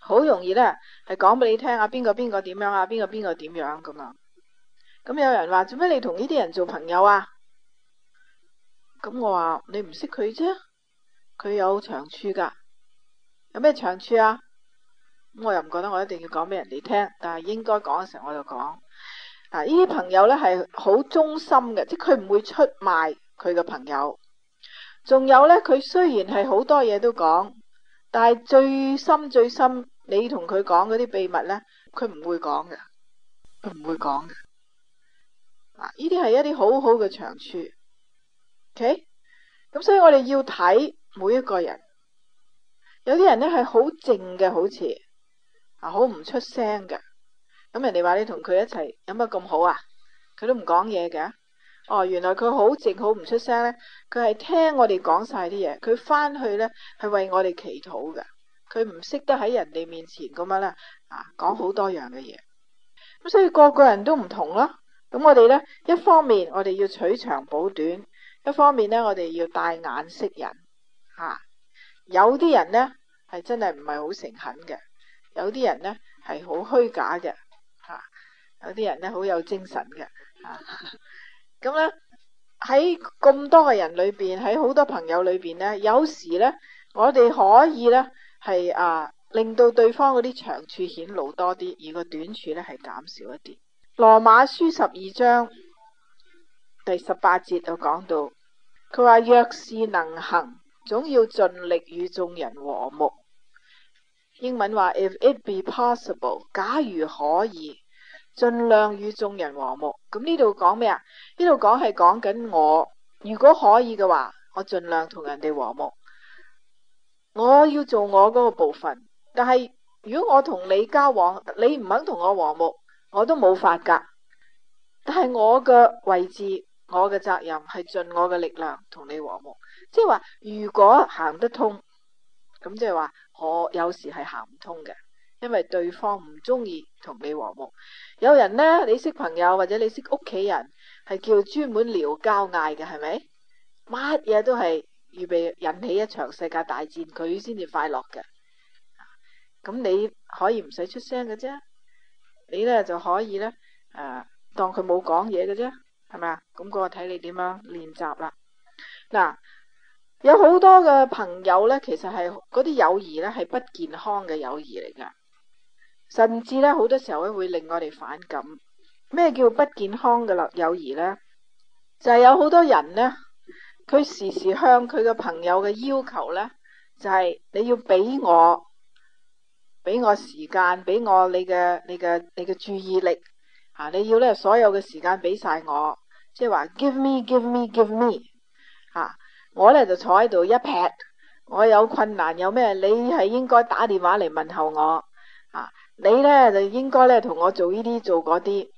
好容易咧係講俾你聽啊，邊個邊個點樣啊，邊個邊個點樣咁啊。咁有人話做咩你同呢啲人做朋友啊？咁我話你唔識佢啫，佢有長處噶。有咩長處啊？咁我又唔覺得我一定要講俾人哋聽，但係應該講嘅時候我就講。嗱、啊，依啲朋友呢係好忠心嘅，即係佢唔會出賣佢嘅朋友。仲有呢，佢雖然係好多嘢都講，但係最深最深，你同佢講嗰啲秘密呢，佢唔會講嘅，佢唔會講嘅。嗱、啊，依啲係一啲好好嘅長處。OK，咁所以我哋要睇每一個人。有啲人呢係好靜嘅，好似～好唔、啊、出聲嘅咁，人哋話你同佢一齊有乜咁好啊？佢都唔講嘢嘅哦。原來佢好靜，好唔出聲呢？佢係聽我哋講晒啲嘢，佢翻去呢，係為我哋祈禱嘅。佢唔識得喺人哋面前咁樣呢，啊，講好多樣嘅嘢。咁、啊、所以個個人都唔同咯。咁、啊、我哋呢，一方面我哋要取長補短，一方面呢，我哋要帶眼識人。吓、啊，有啲人呢，係真係唔係好誠懇嘅。有啲人呢係好虛假嘅，嚇、啊！有啲人呢好有精神嘅，嚇、啊！咁呢，喺咁多個人裏邊，喺好多朋友裏邊呢，有時呢，我哋可以呢係啊，令到對方嗰啲長處顯露多啲，而個短處呢係減少一啲。羅馬書十二章第十八節就講到，佢話若是能行，總要盡力與眾人和睦。英文話，If it be possible，假如可以，盡量與眾人和睦。咁呢度講咩啊？呢度講係講緊我，如果可以嘅話，我盡量同人哋和睦。我要做我嗰個部分，但係如果我同你交往，你唔肯同我和睦，我都冇法㗎。但係我嘅位置，我嘅責任係盡我嘅力量同你和睦。即係話，如果行得通，咁即係話。我有時係行唔通嘅，因為對方唔中意同你和睦。有人呢，你識朋友或者你識屋企人，係叫專門聊交嗌嘅，係咪？乜嘢都係預備引起一場世界大戰，佢先至快樂嘅。咁你可以唔使出聲嘅啫，你呢就可以呢，誒、啊，當佢冇講嘢嘅啫，係咪啊？咁、那、嗰個睇你點樣練習啦。嗱。有好多嘅朋友呢，其實係嗰啲友誼呢，係不健康嘅友誼嚟噶，甚至呢，好多時候咧會令我哋反感。咩叫不健康嘅啦友誼呢？就係、是、有好多人呢，佢時時向佢嘅朋友嘅要求呢，就係、是、你要俾我，俾我時間，俾我你嘅你嘅你嘅注意力啊！你要呢，所有嘅時間俾晒我，即係話 give me，give me，give me, give me, give me 啊！我咧就坐喺度一劈，我有困難有咩，你係應該打電話嚟問候我，啊，你呢就應該咧同我做呢啲做嗰啲，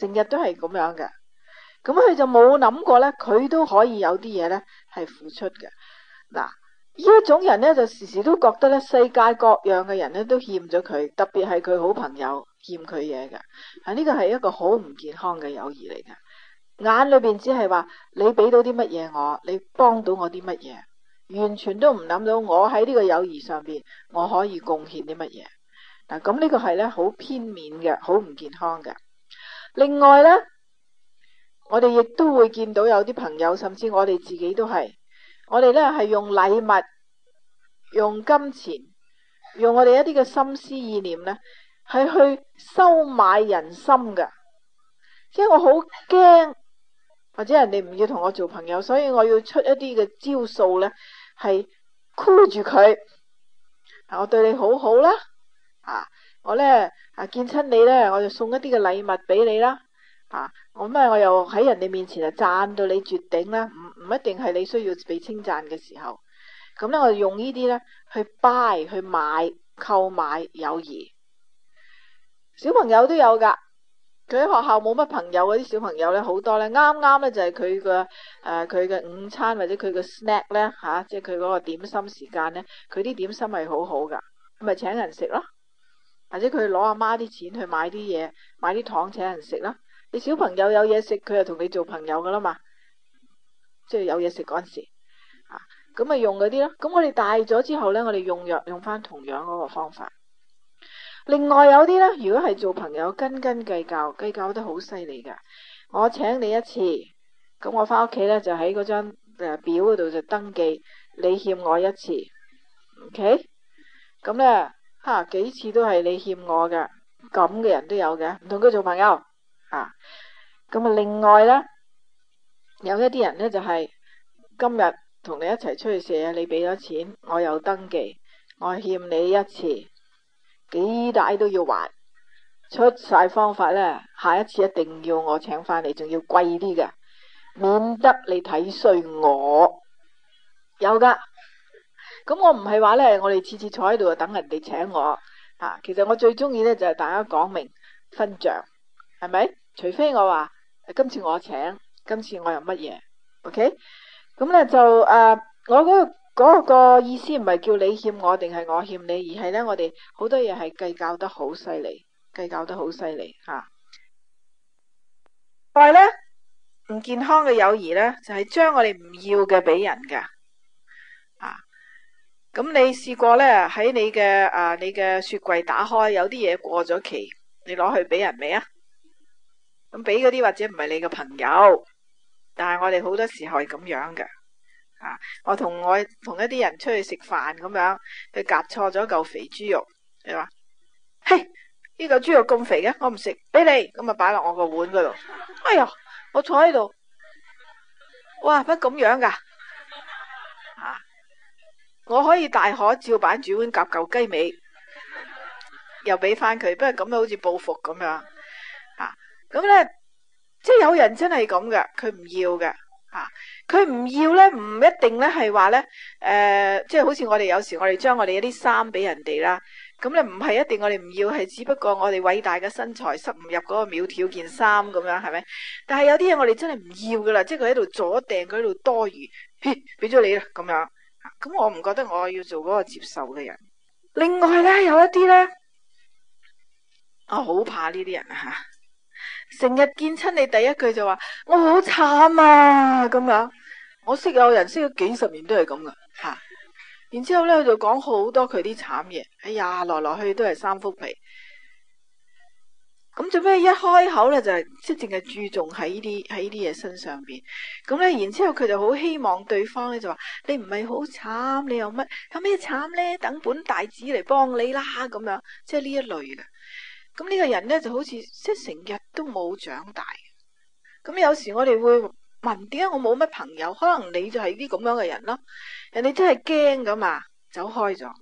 成日都係咁樣嘅，咁佢就冇諗過呢，佢都可以有啲嘢呢係付出嘅，嗱、啊、呢一種人呢，就時時都覺得呢，世界各樣嘅人呢都欠咗佢，特別係佢好朋友欠佢嘢嘅，啊呢個係一個好唔健康嘅友誼嚟㗎。眼裏邊只係話你俾到啲乜嘢我，你幫到我啲乜嘢，完全都唔諗到我喺呢個友誼上邊我可以貢獻啲乜嘢。嗱，咁呢個係咧好片面嘅，好唔健康嘅。另外呢，我哋亦都會見到有啲朋友，甚至我哋自己都係，我哋呢係用禮物、用金錢、用我哋一啲嘅心思意念呢，係去收買人心嘅。即係我好驚。或者人哋唔要同我做朋友，所以我要出一啲嘅招數呢，係箍住佢。我對你好好啦，啊，我呢啊見親你呢，我就送一啲嘅禮物俾你啦，啊，咁啊我又喺人哋面前就讚到你絕頂啦，唔唔一定係你需要被稱讚嘅時候，咁呢，我就用呢啲呢，去 buy 去買購買友誼，小朋友都有噶。佢喺學校冇乜朋友嗰啲小朋友咧，好多咧，啱啱咧，就係佢個誒佢嘅午餐或者佢嘅 snack 咧、啊、吓，即係佢嗰個點心時間咧，佢啲點心係好好噶咁咪請人食咯，或者佢攞阿媽啲錢去買啲嘢，買啲糖請人食啦。你小朋友有嘢食，佢就同你做朋友噶啦嘛，即係有嘢食嗰陣時，啊咁咪用嗰啲咯。咁我哋大咗之後咧，我哋用藥用翻同樣嗰個方法。另外有啲呢，如果係做朋友，斤斤計較，計較得好犀利噶。我請你一次，咁我返屋企呢，就喺嗰張表嗰度就登記，你欠我一次，OK？咁呢，吓、啊、幾次都係你欠我噶，咁嘅人都有嘅，唔同佢做朋友啊。咁啊，另外呢，有一啲人呢，就係、是、今日同你一齊出去食啊，你畀咗錢，我又登記，我欠你一次。幾大都要還，出晒方法呢，下一次一定要我請翻你，仲要貴啲嘅，免得你睇衰我。有噶，咁我唔係話呢，我哋次次坐喺度等人哋請我啊。其實我最中意呢，就係大家講明分賬，係咪？除非我話今次我請，今次我又乜嘢，OK，咁呢，就、呃、誒，我嗰、嗰個。嗰個意思唔係叫你欠我，定係我欠你，而係、啊、呢，我哋好多嘢係計較得好犀利，計較得好犀利吓。但係呢唔健康嘅友誼呢，就係、是、將我哋唔要嘅俾人噶。啊，咁你試過呢，喺你嘅啊你嘅雪櫃打開有啲嘢過咗期，你攞去俾人未啊？咁俾嗰啲或者唔係你嘅朋友，但係我哋好多時候係咁樣嘅。吓、啊！我同我同一啲人出去食飯咁樣，佢夾錯咗嚿肥豬肉，佢話：嘿，呢嚿豬肉咁肥嘅，我唔食，俾你咁啊，擺落我個碗嗰度。哎呀，我坐喺度，哇，不咁樣噶，啊，我可以大可照板煮碗夾嚿雞尾，又俾翻佢，不過咁樣好似報復咁樣，啊，咁咧，即係有人真係咁嘅，佢唔要嘅。佢唔要呢，唔一定呢。係話呢，誒，即係好似我哋有時我哋將我哋一啲衫俾人哋啦，咁你唔係一定我哋唔要，係只不過我哋偉大嘅身材塞唔入嗰個苗條件衫咁樣，係咪？但係有啲嘢我哋真係唔要噶啦，即係佢喺度阻掟，佢喺度多餘，嘿，俾咗你啦，咁樣，咁我唔覺得我要做嗰個接受嘅人。另外呢，有一啲呢我，啊，好怕呢啲人啊，吓！成日見親你第一句就話我好慘啊咁樣，我識有人識咗幾十年都係咁噶吓，然之後咧，佢就講好多佢啲慘嘢，哎呀來來去去都係三幅皮，咁做咩一開口咧就係即係淨係注重喺呢啲喺呢啲嘢身上邊，咁咧然之後佢就好希望對方咧就話你唔係好慘，你有乜有咩慘咧？等本大子嚟幫你啦咁樣，即係呢一類嘅。咁呢個人咧就好似即成日都冇長大，咁有時我哋會問點解我冇乜朋友？可能你就係啲咁樣嘅人咯。人哋真係驚噶嘛，走開咗。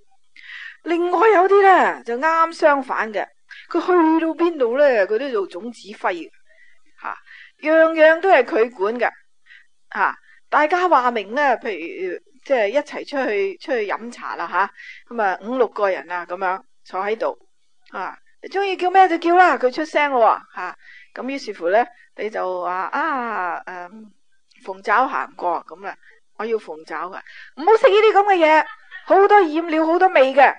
另外有啲咧就啱相反嘅，佢去到邊度咧佢都做總指揮，吓、啊、樣樣都係佢管嘅，吓、啊、大家話明啊，譬如即係一齊出去出去飲茶啦，吓咁，啊五六個人啊咁樣坐喺度啊。你中意叫咩就叫啦，佢出聲咯，吓咁，於是乎呢，你就話啊誒嗯、鳳爪行過咁啦，我要鳳爪嘅，唔好食呢啲咁嘅嘢，好多染料，好多味嘅，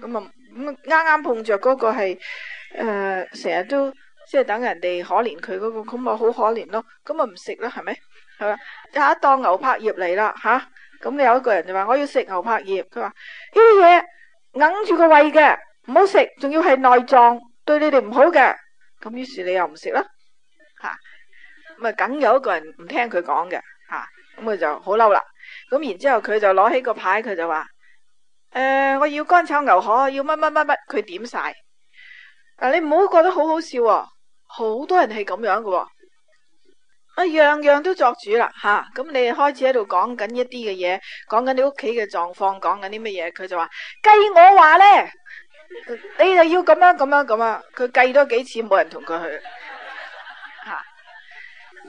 咁啊咁啱啱碰着嗰個係誒成日都即係等人哋可憐佢嗰個，咁咪好可憐咯，咁咪唔食啦係咪？係啦，有 一檔牛柏葉嚟啦吓，咁、啊、你有一個人就話我要食牛柏葉，佢話呢啲嘢硬住個胃嘅。唔好食，仲要係內臟，對你哋唔好嘅。咁於是你又唔食啦，吓咁啊，梗有一個人唔聽佢講嘅，吓咁佢就好嬲啦。咁然之後佢就攞起個牌，佢就話：誒、呃，我要乾炒牛河，要乜乜乜乜，佢點晒嗱、啊？你唔好覺得好好笑、哦，好多人係咁樣嘅、哦，啊樣樣都作主啦，吓、啊、咁、嗯、你哋開始喺度講緊一啲嘅嘢，講緊你屋企嘅狀況，講緊啲乜嘢，佢就話計我話呢。」你就要咁樣咁樣咁啊！佢計多幾次，冇人同佢去吓。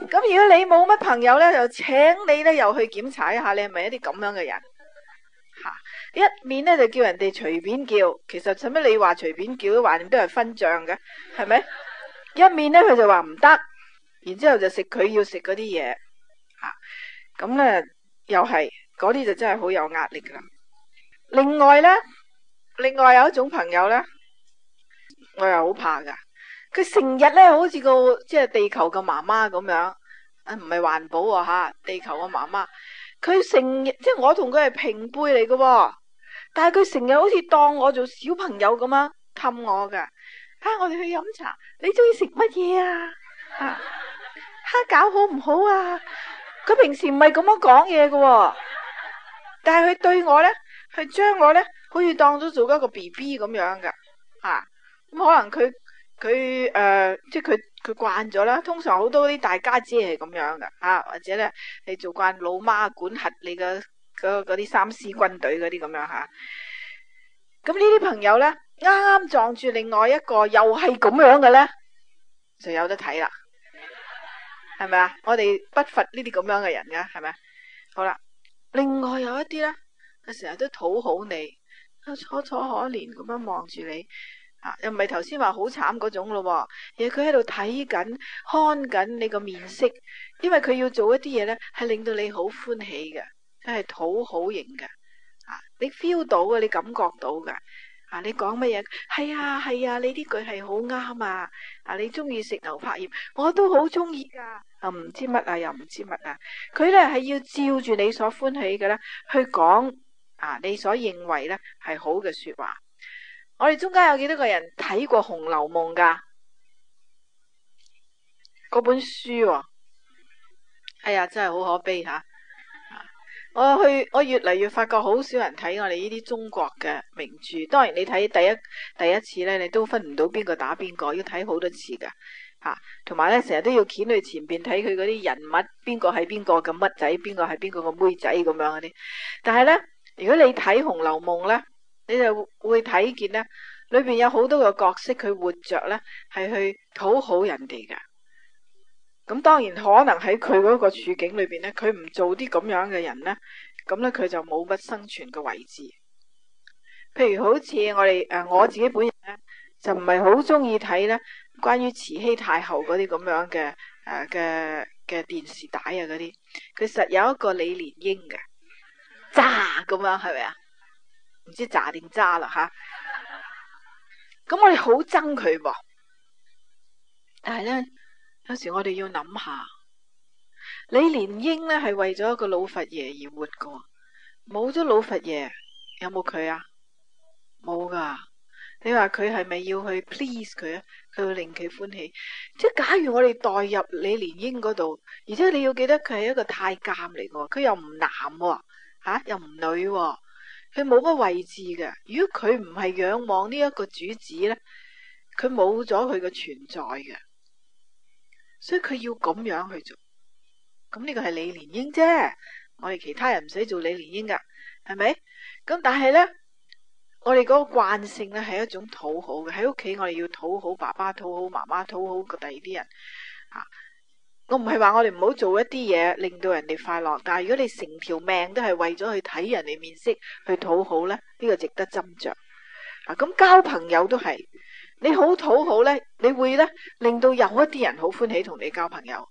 咁 如果你冇乜朋友呢，就請你呢，又去檢查一下，你係咪一啲咁樣嘅人吓？ 一面呢，就叫人哋隨便叫，其實使乜你話隨便叫，話你都係分賬嘅，係咪？ 一面呢，佢就話唔得，然之後就食佢要食嗰啲嘢吓。咁 呢又係嗰啲就真係好有壓力噶。另外呢。另外有一種朋友呢，我又好怕噶。佢成日呢，好似個即係地球嘅媽媽咁樣，唔係環保啊吓，啊，地球嘅媽媽。佢成日即係我同佢係平輩嚟嘅，但係佢成日好似當我做小朋友咁樣氹我噶。啊，我哋去飲茶，你中意食乜嘢啊？蝦餃好唔好啊？佢平時唔係咁樣講嘢嘅，但係佢對我呢，係將我呢。好似當咗做一個 B B 咁樣噶，吓、啊、咁、嗯、可能佢佢誒，即係佢佢慣咗啦。通常好多啲大家姐係咁樣噶，吓、啊、或者咧你做慣老媽管轄你嘅嗰啲三 C 軍隊嗰啲咁樣吓。咁呢啲朋友咧，啱啱撞住另外一個又係咁樣嘅，咧就有得睇啦，係咪啊？我哋不乏呢啲咁樣嘅人噶，係咪啊？好啦，另外有一啲咧，佢成日都討好你。楚楚可憐咁樣望住你，啊，又唔係頭先話好慘嗰種咯，啊，而佢喺度睇緊、看緊你個面色，因為佢要做一啲嘢呢，係令到你好歡喜嘅，係討好型嘅，啊，你 feel 到嘅，你感覺到嘅，啊，你講乜嘢？係啊，係啊，你呢句係好啱啊，啊，你中意食牛百葉，我都好中意噶，啊，唔知乜啊，又唔知乜啊，佢呢係要照住你所歡喜嘅咧去講。啊！你所認為呢係好嘅説話，我哋中間有幾多個人睇過《紅樓夢》噶嗰本書喎？哦？哎呀，真係好可悲嚇，啊！我去，我越嚟越發覺好少人睇我哋呢啲中國嘅名著。當然，你睇第一第一次呢，你都分唔到邊個打邊個，要睇好多次噶嚇。同、啊、埋呢，成日都要掀去前邊睇佢嗰啲人物，邊個係邊個嘅乜仔，邊個係邊個嘅妹仔咁樣嗰啲。但係呢。如果你睇《紅樓夢》呢，你就會睇見呢，裏邊有好多個角色佢活着呢，係去討好人哋噶。咁當然可能喺佢嗰個處境裏邊呢，佢唔做啲咁樣嘅人呢，咁呢，佢就冇乜生存嘅位置。譬如好似我哋誒、呃、我自己本人呢，就唔係好中意睇呢，關於慈禧太后嗰啲咁樣嘅誒嘅嘅電視帶啊嗰啲。佢實有一個李蓮英嘅。渣咁樣係咪啊？唔知渣定渣啦吓。咁我哋好憎佢噃，但係咧，有時我哋要諗下，李蓮英咧係為咗一個老佛爺而活嘅，冇咗老佛爺有冇佢啊？冇噶。你話佢係咪要去 please 佢啊？佢會令佢歡喜。即係假如我哋代入李蓮英嗰度，而且你要記得佢係一個太監嚟嘅，佢又唔男喎。吓、啊、又唔女、啊，佢冇個位置嘅。如果佢唔係仰望呢一個主子呢，佢冇咗佢嘅存在嘅。所以佢要咁樣去做。咁呢個係李蓮英啫，我哋其他人唔使做李蓮英噶，係咪？咁但係呢，我哋嗰個慣性呢係一種討好嘅。喺屋企我哋要討好爸爸、討好媽媽、討好個第二啲人。我唔係話我哋唔好做一啲嘢令到人哋快樂，但係如果你成條命都係為咗去睇人哋面色去討好呢，呢，呢個值得斟酌。啊，咁交朋友都係，你好討好呢，你會呢，令到有一啲人好歡喜同你交朋友，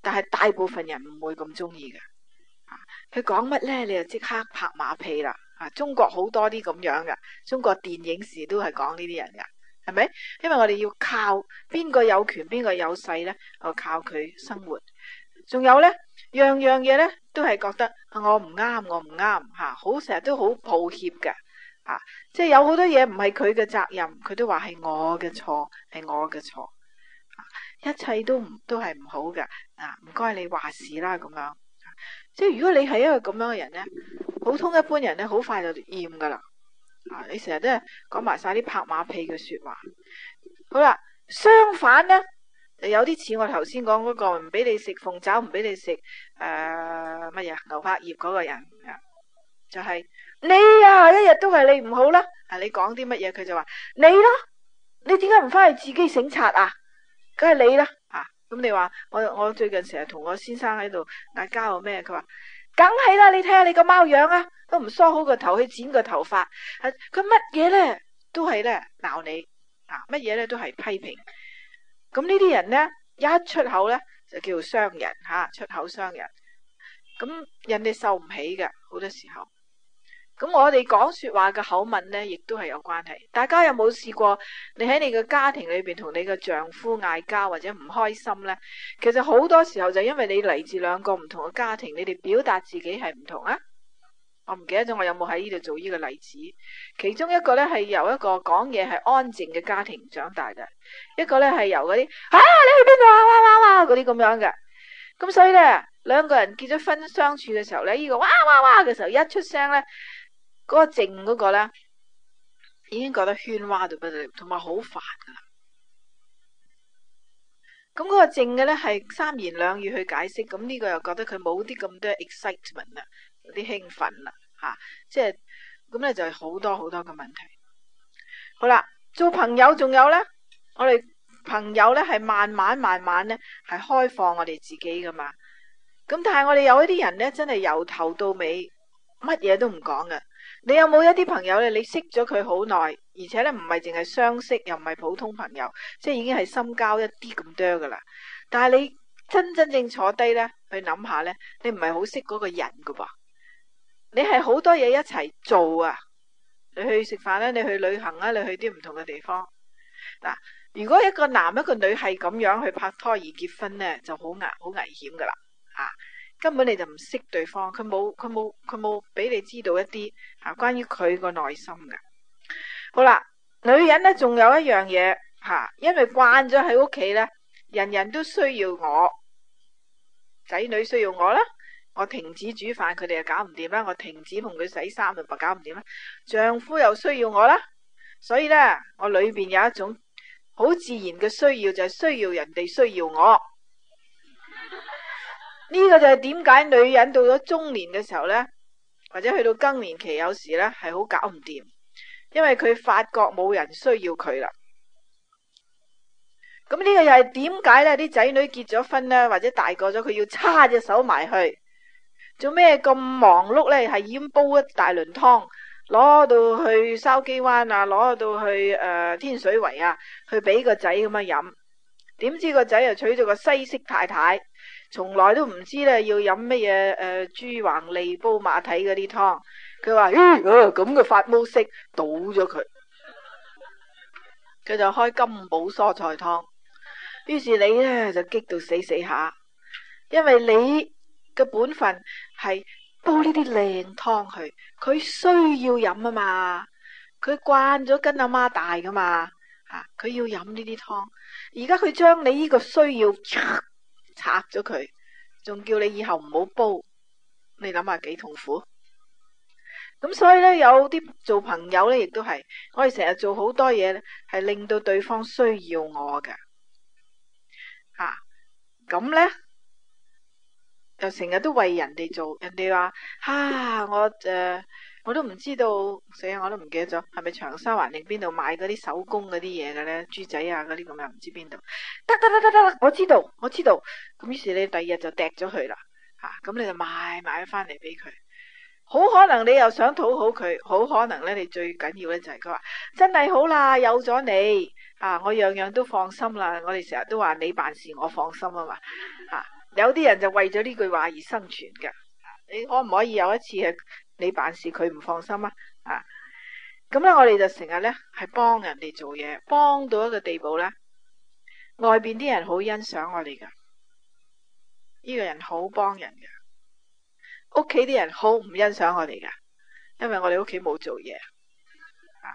但係大部分人唔會咁中意嘅。佢講乜呢？你就即刻拍馬屁啦。啊，中國好多啲咁樣嘅，中國電影時都係講呢啲人嘅。係咪？因為我哋要靠邊個有權邊個有勢呢？我靠佢生活。仲有呢，樣樣嘢呢，都係覺得我唔啱，我唔啱吓，好成日都好抱歉嘅、啊、即係有好多嘢唔係佢嘅責任，佢都話係我嘅錯，係我嘅錯。一切都唔都係唔好嘅啊！唔該你話事啦，咁、啊、樣。即係如果你係一個咁樣嘅人呢，普通一般人呢，好快就厭噶啦。啊！你成日都係講埋晒啲拍馬屁嘅說話，好啦，相反呢，有啲似我頭先講嗰個唔俾你食鳳爪，唔俾你食誒乜嘢牛百葉嗰個人、啊、就係、是、你啊，一日都係你唔好啦。係你講啲乜嘢，佢就話你啦，你點解唔翻去自己省察啊？梗係你啦吓。咁、啊嗯、你話我我最近成日同我先生喺度嗌交咩？佢話梗係啦，你睇下你個貓樣啊！都唔梳好個頭去剪個頭髮，啊，佢乜嘢呢？都係呢鬧你，啊，乜嘢呢？都係批評。咁呢啲人呢，一出口呢，就叫做傷人吓，啊，出口傷人。咁人哋受唔起㗎，好多時候。咁我哋講說話嘅口吻呢，亦都係有關係。大家有冇試過？你喺你嘅家庭裏邊同你嘅丈夫嗌交或者唔開心呢？其實好多時候就因為你嚟自兩個唔同嘅家庭，你哋表達自己係唔同啊。我唔記得咗我有冇喺呢度做呢個例子，其中一個咧係由一個講嘢係安靜嘅家庭長大嘅，一個咧係由嗰啲啊你去邊度啊哇哇哇嗰啲咁樣嘅，咁所以咧兩個人結咗婚相處嘅時候咧，呢個哇哇哇嘅時候一出聲咧，嗰個靜嗰個咧已經覺得喧嘩到不得了，同埋好煩噶啦。咁嗰個靜嘅咧係三言兩語去解釋，咁呢個又覺得佢冇啲咁多 excitement 啊。有啲興奮啦，吓、啊，即係咁咧，就係好多好多嘅問題。好啦，做朋友仲有呢，我哋朋友呢係慢慢慢慢呢係開放我哋自己噶嘛。咁但係我哋有一啲人呢，真係由頭到尾乜嘢都唔講嘅。你有冇一啲朋友呢？你識咗佢好耐，而且呢唔係淨係相識，又唔係普通朋友，即係已經係深交一啲咁多噶啦。但係你真真正正坐低呢，去諗下呢，你唔係好識嗰個人噶噃。你係好多嘢，一齊做啊！你去食飯啦，你去旅行啦，你去啲唔同嘅地方嗱。如果一個男一個女係咁樣去拍拖而結婚呢，就好危好危險噶啦啊！根本你就唔識對方，佢冇佢冇佢冇俾你知道一啲啊，關於佢個內心嘅。好啦，女人呢，仲有一樣嘢吓，因為慣咗喺屋企呢，人人都需要我，仔女需要我啦。我停止煮飯，佢哋又搞唔掂啦。我停止同佢洗衫，就搞唔掂啦。丈夫又需要我啦，所以呢，我裏邊有一種好自然嘅需要，就係需要人哋需要我。呢 個就係點解女人到咗中年嘅時候呢，或者去到更年期，有時呢，係好搞唔掂，因為佢發覺冇人需要佢啦。咁呢個又係點解呢？啲仔女結咗婚呢，或者大個咗，佢要叉隻手埋去。做咩咁忙碌呢？係已經煲一大輪湯，攞到去筲箕灣啊，攞到去誒天水圍啊，去俾個仔咁樣飲。點知個仔又娶咗個西式太太，從來都唔知呢要飲乜嘢誒豬橫脷煲馬蹄嗰啲湯。佢話：咦，咁嘅法毛式倒咗佢。佢就開金寶蔬菜湯。於是你呢就激到死死下，因為你嘅本分。係煲呢啲靚湯佢，佢需要飲啊嘛，佢慣咗跟阿媽大噶嘛，吓、啊、佢要飲呢啲湯，而家佢將你呢個需要拆咗佢，仲叫你以後唔好煲，你諗下幾痛苦。咁所以呢，有啲做朋友呢，亦都係我哋成日做好多嘢，呢係令到對方需要我噶，吓、啊、咁呢。就成日都為人哋做，人哋話：，啊，我誒、呃，我都唔知道，死啊！我都唔記得咗，係咪長沙灣定邊度買嗰啲手工嗰啲嘢嘅呢？豬仔啊，嗰啲咁又唔知邊度？得得得得得啦！我知道，我知道。咁於是你第二日就掟咗佢啦。咁、啊、你就買買翻嚟俾佢。好可能你又想討好佢，好可能咧，你最緊要呢就係佢話真係好啦，有咗你啊，我樣樣都放心啦。我哋成日都話你辦事我放心啊嘛，吓。有啲人就為咗呢句話而生存噶你可唔可以有一次係你辦事佢唔放心啊？啊，咁咧我哋就成日咧係幫人哋做嘢，幫到一個地步咧，外邊啲人好欣賞我哋噶呢個人好幫人嘅，屋企啲人好唔欣賞我哋噶因為我哋屋企冇做嘢啊。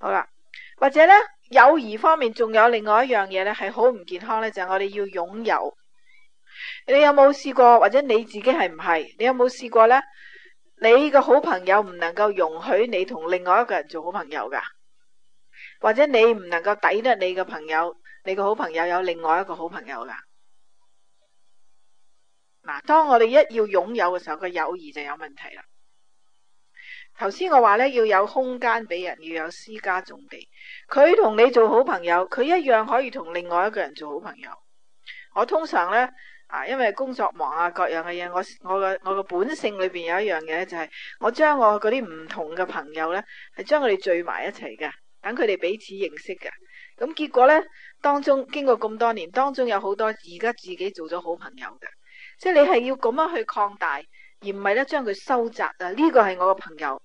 好啦，或者咧友誼方面仲有另外一樣嘢咧，係好唔健康咧，就係我哋要擁有。你有冇試過，或者你自己係唔係？你有冇試過呢？你個好朋友唔能夠容許你同另外一個人做好朋友噶，或者你唔能夠抵得你個朋友，你個好朋友有另外一個好朋友噶。嗱，當我哋一要擁有嘅時候，個友誼就有問題啦。頭先我話呢，要有空間俾人，要有私家重地。佢同你做好朋友，佢一樣可以同另外一個人做好朋友。我通常呢。啊，因為工作忙啊，各樣嘅嘢，我我個我個本性裏邊有一樣嘢，就係我將我嗰啲唔同嘅朋友呢，係將佢哋聚埋一齊嘅，等佢哋彼此認識嘅。咁結果呢，當中經過咁多年，當中有好多而家自己做咗好朋友嘅，即係你係要咁樣去擴大，而唔係咧將佢收窄啊。呢個係我個朋友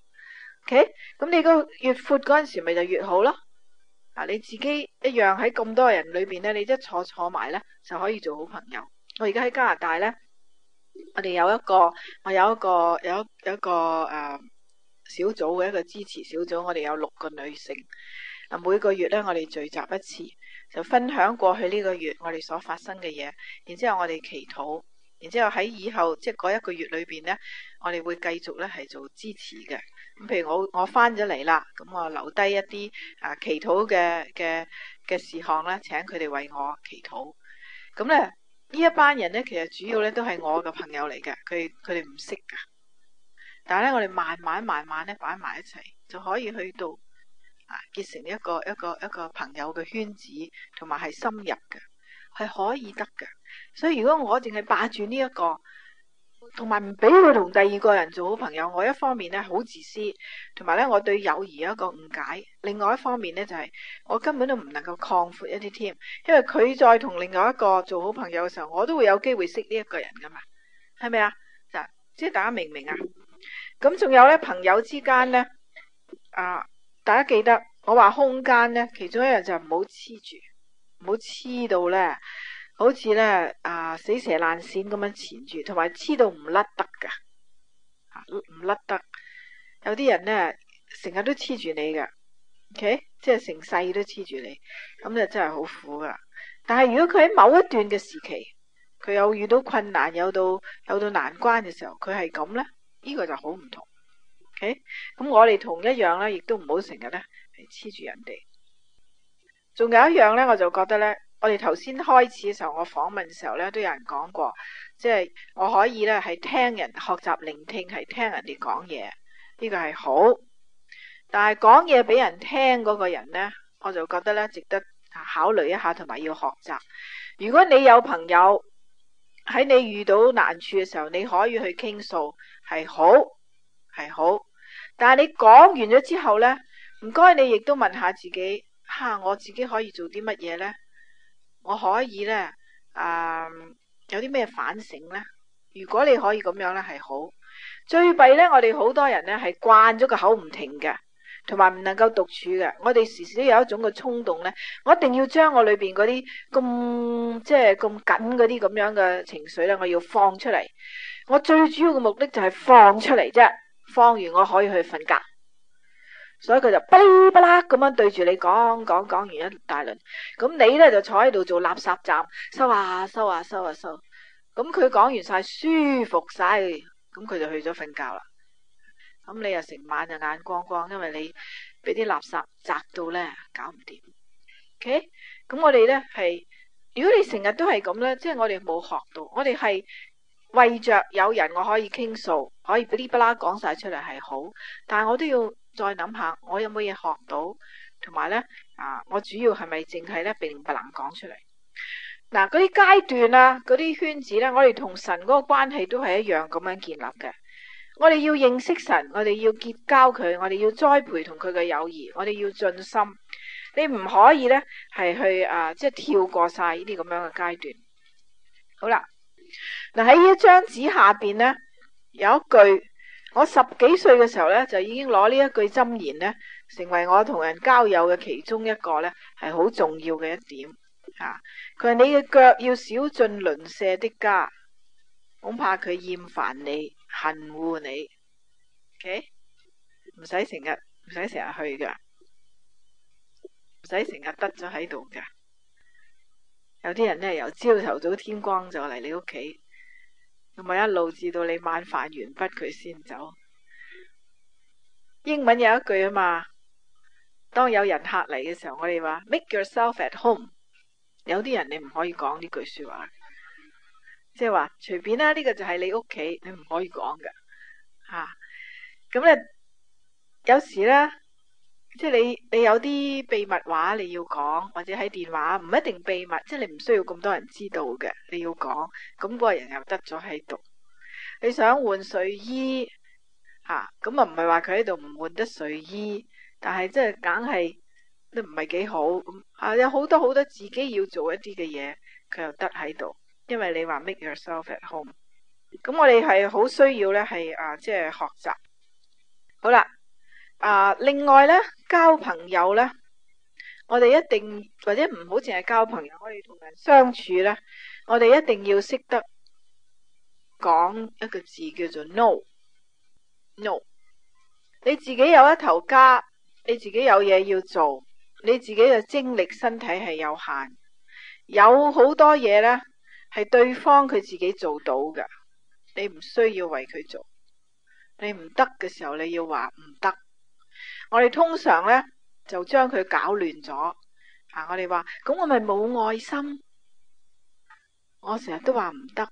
，OK？咁你個越闊嗰陣時，咪就越好咯。嗱，你自己一樣喺咁多人裏邊呢，你一坐坐埋呢，就可以做好朋友。我而家喺加拿大呢，我哋有一個，我有一個，有一有一個、呃、小組嘅一個支持小組，我哋有六個女性。每個月呢，我哋聚集一次，就分享過去呢個月我哋所發生嘅嘢，然之後我哋祈禱，然之後喺以後即係嗰一個月裏邊呢，我哋會繼續呢係做支持嘅。咁譬如我我翻咗嚟啦，咁我留低一啲啊、呃、祈禱嘅嘅嘅事項呢，請佢哋為我祈禱。咁呢。呢一班人咧，其實主要咧都係我嘅朋友嚟嘅，佢佢哋唔識㗎，但係咧我哋慢慢慢慢咧擺埋一齊，就可以去到啊結成一個一個一個朋友嘅圈子，同埋係深入嘅，係可以得嘅。所以如果我淨係霸住呢一個。同埋唔俾佢同第二個人做好朋友，我一方面呢，好自私，同埋呢，我對友誼有一個誤解。另外一方面呢，就係我根本都唔能夠擴闊一啲添，因為佢再同另外一個做好朋友嘅時候，我都會有機會識呢一個人噶嘛，係咪啊？即係大家明唔明啊？咁仲有呢，朋友之間呢，啊，大家記得我話空間呢，其中一樣就唔好黐住，唔好黐到呢，好似咧啊，死蛇爛鱔咁樣纏住，同埋黐到唔甩得噶，唔甩得。有啲人呢，成日都黐住你噶，OK，即係成世都黐住你，咁就真係好苦噶。但係如果佢喺某一段嘅時期，佢有遇到困難，有到有到難關嘅時候，佢係咁呢，呢、呢個就好唔同。o、okay? 咁我哋同一樣呢，亦都唔好成日呢係黐住人哋。仲有一樣呢，我就覺得呢。我哋頭先開始嘅時候，我訪問嘅時候呢，都有人講過，即係我可以呢係聽人學習聆聽，係聽人哋講嘢，呢個係好。但係講嘢俾人聽嗰個人呢，我就覺得呢值得考慮一下，同埋要學習。如果你有朋友喺你遇到難處嘅時候，你可以去傾訴，係好，係好。但係你講完咗之後呢，唔該，你亦都問下自己，吓、啊、我自己可以做啲乜嘢呢？」我可以呢，誒、呃，有啲咩反省呢？如果你可以咁樣呢，係好。最弊呢，我哋好多人呢係慣咗個口唔停嘅，同埋唔能夠獨處嘅。我哋時時都有一種嘅衝動呢，我一定要將我裏邊嗰啲咁即係咁緊嗰啲咁樣嘅情緒呢，我要放出嚟。我最主要嘅目的就係放出嚟啫，放完我可以去瞓覺。所以佢就噼里啪啦咁樣對住你講講講完一大輪，咁你呢就坐喺度做垃圾站收啊收啊收啊收啊收，咁佢講完晒舒服晒，咁佢就去咗瞓覺啦。咁你又成晚就眼光光，因為你俾啲垃圾砸到呢搞唔掂。O K，咁我哋呢係，如果你成日都係咁呢，即係我哋冇學到，我哋係。為着有人我可以傾訴，可以噼里啪啦講晒出嚟係好，但係我都要再諗下，我有冇嘢學到，同埋呢，啊，我主要係咪淨係呢？並不能講出嚟？嗱、啊，嗰啲階段啊，嗰啲圈子咧，我哋同神嗰個關係都係一樣咁樣建立嘅。我哋要認識神，我哋要結交佢，我哋要栽培同佢嘅友誼，我哋要盡心。你唔可以呢，係去啊，即係跳過晒呢啲咁樣嘅階段。好啦。嗱，喺呢一張紙下邊呢，有一句，我十幾歲嘅時候呢，就已經攞呢一句箴言呢，成為我同人交友嘅其中一個呢，係好重要嘅一點吓。佢、啊、話，你嘅腳要少進鄰舍的家，恐怕佢厭煩你、恨惡你。OK，唔使成日，唔使成日去噶，唔使成日得咗喺度噶。有啲人呢，由朝頭早天光就嚟你屋企，同埋一路至到你晚飯完畢，佢先走。英文有一句啊嘛，當有人客嚟嘅時候，我哋話 Make yourself at home。有啲人你唔可以講呢句說話，即係話隨便啦。呢個就係你屋企，你唔可以講噶。吓、啊，咁咧有時咧。即係你，你有啲秘密話你要講，或者喺電話唔一定秘密，即係你唔需要咁多人知道嘅，你要講，咁嗰個人又得咗喺度。你想換睡衣，吓，咁啊唔係話佢喺度唔換得睡衣，但係即係梗係都唔係幾好咁，吓、啊，有好多好多自己要做一啲嘅嘢，佢又得喺度，因為你話 make yourself at home，咁我哋係好需要咧係啊，即係學習好啦。啊！Uh, 另外呢，交朋友呢，我哋一定或者唔好淨係交朋友，可以同人相處呢，我哋一定要識得講一個字叫做 no no。你自己有一頭家，你自己有嘢要做，你自己嘅精力身體係有限，有好多嘢呢係對方佢自己做到㗎，你唔需要為佢做。你唔得嘅時候，你要話唔得。我哋通常呢，就將佢搞亂咗啊！我哋話咁，我咪冇愛心。我成日都話唔得，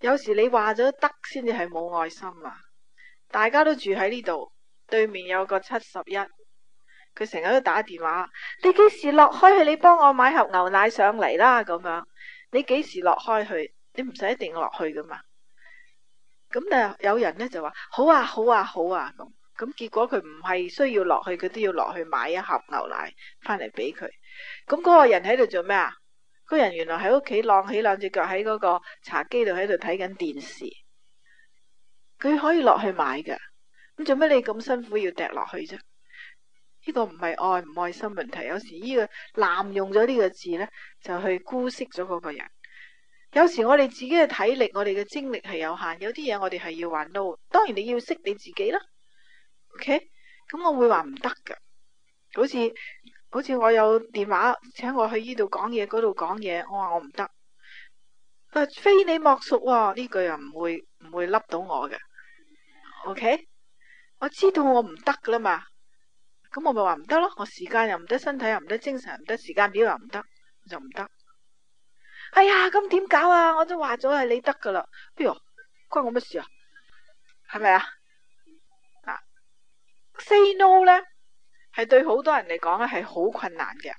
有時你話咗得先至係冇愛心啊！大家都住喺呢度，對面有個七十一，佢成日都打電話。你幾時落開去？你幫我買盒牛奶上嚟啦！咁樣，你幾時落開去？你唔使一定落去噶嘛。咁但係有人呢，就話好啊，好啊，好啊咁。咁結果佢唔係需要落去，佢都要落去買一盒牛奶翻嚟俾佢。咁嗰個人喺度做咩啊？嗰、那個、人原來喺屋企晾起兩隻腳喺嗰個茶几度喺度睇緊電視。佢可以落去買噶。咁做咩你咁辛苦要趯落去啫？呢、這個唔係愛唔愛心問題。有時呢個濫用咗呢個字呢，就去姑息咗嗰個人。有時我哋自己嘅體力、我哋嘅精力係有限，有啲嘢我哋係要玩 l o、no, 當然你要識你自己啦。O K，咁我會話唔得噶，好似好似我有電話，請我去依度講嘢，嗰度講嘢，我話我唔得。佢話非你莫屬喎，呢句又唔會唔會笠到我嘅。O K，我知道我唔得噶啦嘛，咁我咪話唔得咯。我時間又唔得，身體又唔得，精神又唔得，時間表又唔得，就唔得。哎呀，咁點搞啊？我都話咗係你得噶啦。哎喲，關我乜事啊？係咪啊？Say no 呢，係對好多人嚟講咧係好困難嘅，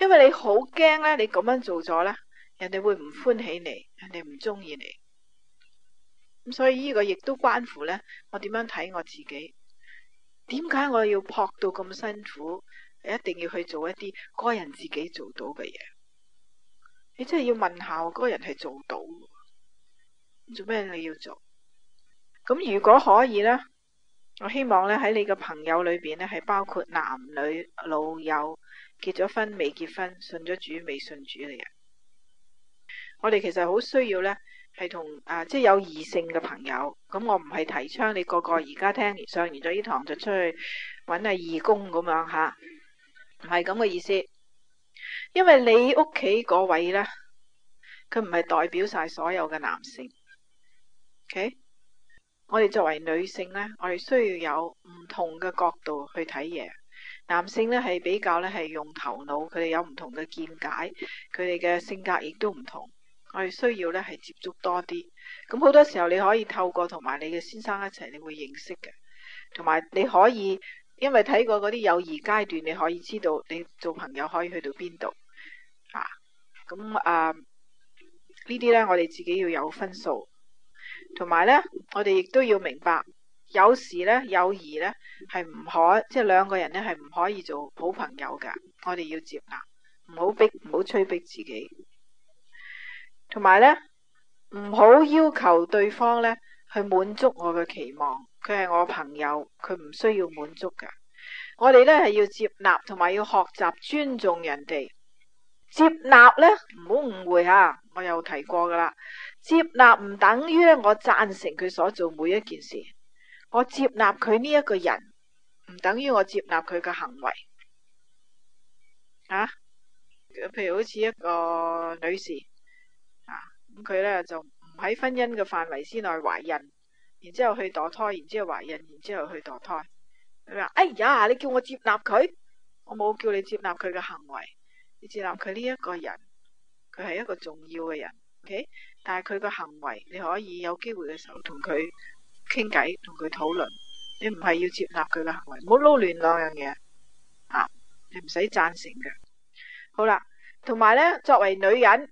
因為你好驚咧，你咁樣做咗呢，人哋會唔歡喜你，人哋唔中意你。咁所以呢個亦都關乎呢，我點樣睇我自己？點解我要撲到咁辛苦？一定要去做一啲個人自己做到嘅嘢？你真係要問下，嗰個人係做到？做咩你要做？咁如果可以呢。我希望咧喺你嘅朋友裏邊咧係包括男女老友、結咗婚、未結婚、信咗主、未信主嘅人。我哋其實好需要咧係同啊，即係有異性嘅朋友。咁我唔係提倡你個個而家聽完上完咗呢堂就出去揾下義工咁樣吓，唔係咁嘅意思。因為你屋企嗰位咧，佢唔係代表晒所有嘅男性。OK。我哋作為女性呢，我哋需要有唔同嘅角度去睇嘢。男性呢，係比較呢係用頭腦，佢哋有唔同嘅見解，佢哋嘅性格亦都唔同。我哋需要呢係接觸多啲。咁好多時候你可以透過同埋你嘅先生一齊，你會認識嘅。同埋你可以因為睇過嗰啲友誼階段，你可以知道你做朋友可以去到邊度。咁啊呢啲、啊、呢，我哋自己要有分數。同埋呢，我哋亦都要明白，有時呢，友誼呢係唔可，即係兩個人呢係唔可以做好朋友㗎。我哋要接納，唔好逼，唔好催逼自己。同埋呢，唔好要求對方呢去滿足我嘅期望。佢係我朋友，佢唔需要滿足㗎。我哋呢係要接納，同埋要學習尊重人哋。接納呢，唔好誤會吓，我又提過㗎啦。接納唔等於我贊成佢所做每一件事。我接納佢呢一個人，唔等於我接納佢嘅行為。吓、啊，譬如好似一個女士，啊咁佢呢就唔喺婚姻嘅範圍之內懷孕，然之後去墮胎，然之後懷孕，然之後去墮胎。佢話：哎呀，你叫我接納佢，我冇叫你接納佢嘅行為。你接納佢呢一個人，佢係一個重要嘅人。OK。但係佢個行為，你可以有機會嘅時候同佢傾偈，同佢討論。你唔係要接納佢嘅行為，唔好撈亂兩樣嘢啊！你唔使贊成嘅。好啦，同埋咧，作為女人，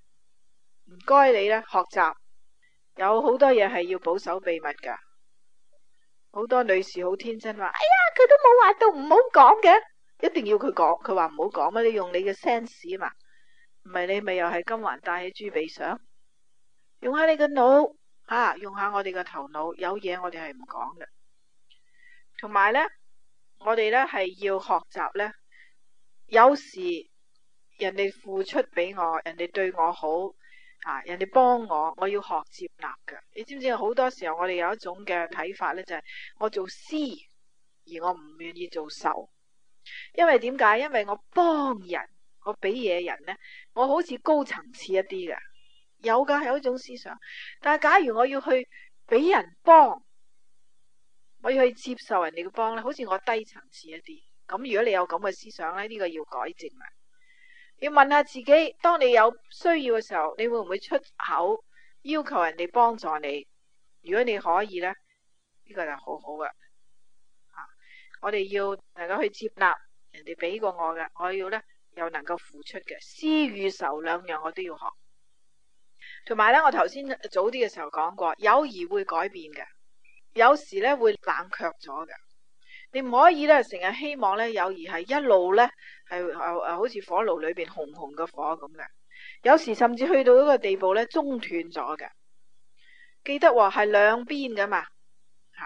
唔該你咧學習，有好多嘢係要保守秘密噶。好多女士好天真話：哎呀，佢都冇話到唔好講嘅，一定要佢講。佢話唔好講咩？你用你嘅 sense 嘛？唔係你咪又係金環帶起豬鼻上。用下你個腦，吓、啊、用下我哋個頭腦，有嘢，我哋係唔講嘅。同埋呢，我哋呢係要學習呢。有時人哋付出俾我，人哋對我好，啊，人哋幫我，我要學接納嘅。你知唔知好多時候我哋有一種嘅睇法呢？就係、是、我做施，而我唔願意做受。因為點解？因為我幫人，我俾嘢人呢，我好似高層次一啲㗎。有噶，有一種思想。但係假如我要去俾人幫，我要去接受人哋嘅幫咧，好似我低層次一啲。咁如果你有咁嘅思想咧，呢個要改正啊！要問下自己，當你有需要嘅時候，你會唔會出口要求人哋幫助你？如果你可以呢，呢個就好好嘅。啊，我哋要能夠去接納人哋俾過我嘅，我要呢，又能夠付出嘅，施與受兩樣我都要學。同埋咧，我頭先早啲嘅時候講過，友誼會改變嘅，有時咧會冷卻咗嘅。你唔可以咧成日希望咧友誼係一路咧係好似火爐裏邊紅紅嘅火咁嘅。有時甚至去到一個地步咧中斷咗嘅。記得話係兩邊噶嘛吓，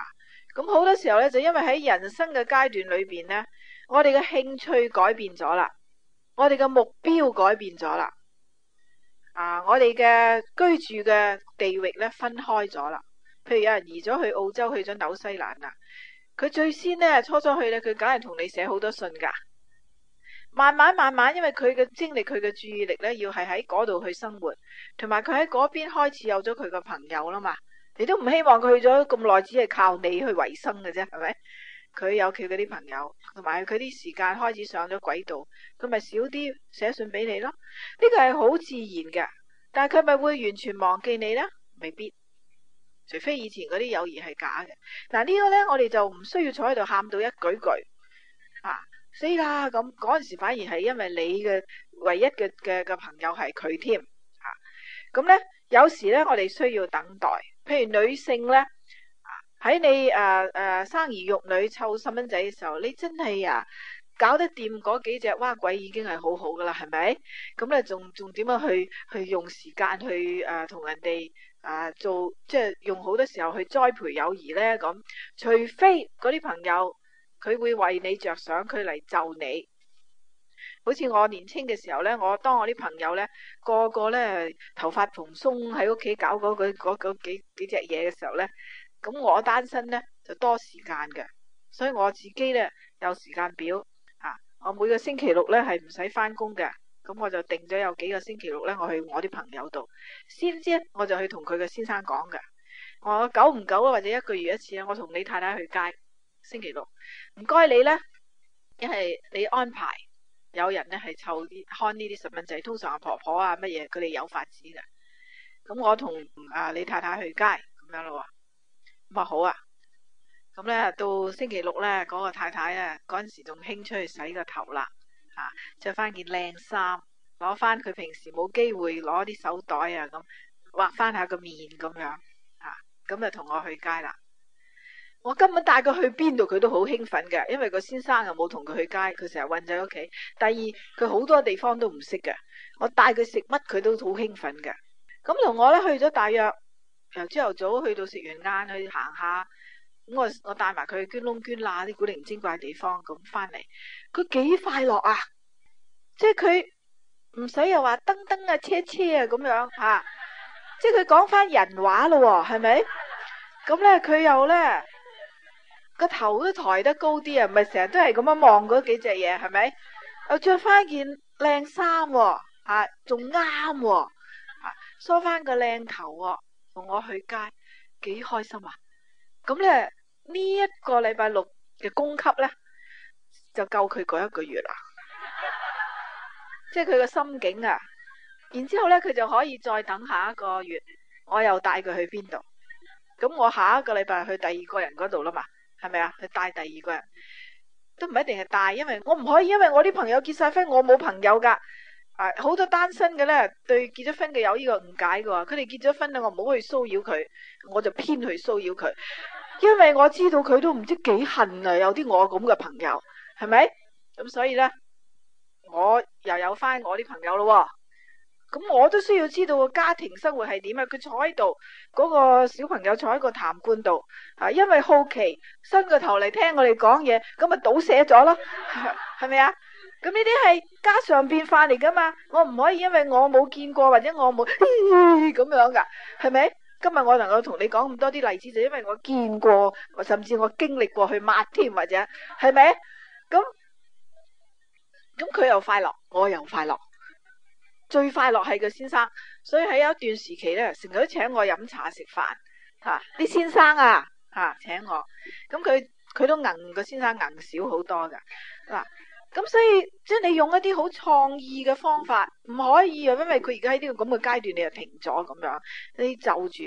咁、啊、好多時候咧就因為喺人生嘅階段裏邊咧，我哋嘅興趣改變咗啦，我哋嘅目標改變咗啦。啊！我哋嘅居住嘅地域咧，分開咗啦，譬如有人移咗去澳洲，去咗紐西蘭啦。佢最先咧初初去咧，佢梗係同你寫好多信㗎。慢慢慢慢，因為佢嘅精力、佢嘅注意力咧，要係喺嗰度去生活，同埋佢喺嗰邊開始有咗佢嘅朋友啦嘛。你都唔希望佢去咗咁耐，只係靠你去維生嘅啫，係咪？佢有佢嗰啲朋友，同埋佢啲時間開始上咗軌道，佢咪少啲寫信俾你咯？呢、這個係好自然嘅，但係佢咪會完全忘記你呢？未必，除非以前嗰啲友誼係假嘅。嗱、這、呢個呢，我哋就唔需要坐喺度喊到一句句啊！所以啦，咁嗰陣時反而係因為你嘅唯一嘅嘅嘅朋友係佢添啊！咁呢有時呢，我哋需要等待，譬如女性呢。喺你誒誒、呃呃、生兒育女湊細蚊仔嘅時候，你真係啊搞得掂嗰幾隻蛙鬼已經係好好噶啦，係咪？咁咧仲仲點樣去去用時間去誒、呃、同人哋誒、啊、做，即係用好多時候去栽培友誼咧？咁除非嗰啲朋友佢會為你着想，佢嚟就你。好似我年輕嘅時候咧，我當我啲朋友咧，個個咧頭髮蓬鬆喺屋企搞嗰、那個嗰、那個，幾幾隻嘢嘅時候咧。咁我單身呢，就多時間嘅，所以我自己呢，有時間表啊。我每個星期六呢，係唔使返工嘅，咁、啊、我就定咗有幾個星期六呢，我去我啲朋友度先知呢，我就去同佢嘅先生講嘅。我久唔久啊，或者一個月一次啊，我同你太太去街，星期六唔該你呢，因為你安排有人呢，係湊啲、看呢啲細蚊仔，通常阿婆婆啊乜嘢佢哋有法子嘅。咁、啊、我同啊你太太去街咁樣咯。咁啊好啊，咁咧到星期六咧，嗰、那個太太啊，嗰陣時仲興出去洗個頭啦，吓着翻件靚衫，攞翻佢平時冇機會攞啲手袋啊咁，畫翻下個面咁樣，吓咁、啊啊、就同我去街啦。我今日帶佢去邊度佢都好興奮嘅，因為個先生又冇同佢去街，佢成日困喺屋企。第二，佢好多地方都唔識嘅，我帶佢食乜佢都好興奮嘅。咁同我咧去咗大約。由朝頭早去到食完晏去行下，咁、嗯、我我帶埋佢捐窿捐罅啲古靈精怪嘅地方咁翻嚟，佢幾快樂啊！即係佢唔使又話噔噔啊、車車啊咁樣吓、啊，即係佢講翻人話咯、哦，係咪？咁咧佢又咧個頭都抬得高啲、哦、啊，唔係成日都係咁樣望嗰幾隻嘢，係咪？又着翻件靚衫啊，仲啱啊，梳翻個靚頭、哦。同我去街，幾開心啊！咁咧呢一個禮拜六嘅供給呢，就夠佢嗰一個月啦。即係佢個心境啊！然之後咧，佢就可以再等下一個月，我又帶佢去邊度？咁我下一個禮拜去第二個人嗰度啦嘛？係咪啊？去帶第二個人，都唔一定係帶，因為我唔可以，因為我啲朋友結晒婚，我冇朋友噶。啊，好多單身嘅咧，對結咗婚嘅有呢個誤解嘅，佢哋結咗婚咧，我唔好去騷擾佢，我就偏去騷擾佢，因為我知道佢都唔知幾恨啊，有啲我咁嘅朋友，係咪？咁所以呢，我又有翻我啲朋友咯、哦，咁我都需要知道個家庭生活係點啊。佢坐喺度，嗰、那個小朋友坐喺個痰罐度，啊，因為好奇，伸個頭嚟聽我哋講嘢，咁咪倒瀉咗咯，係咪啊？咁呢啲係家常便飯嚟噶嘛？我唔可以，因為我冇見過，或者我冇咁樣噶，係咪？今日我能夠同你講咁多啲例子，就因為我見過，甚至我經歷過去抹添，或者係咪？咁咁佢又快樂，我又快樂，最快樂係個先生。所以喺有一段時期咧，成日都請我飲茶食飯嚇啲先生啊嚇、啊、請我，咁佢佢都銀個先生銀少好多噶嗱。啊。咁所以即係你用一啲好創意嘅方法唔可以啊，因為佢而家喺呢個咁嘅階段，你就停咗咁樣，你就住。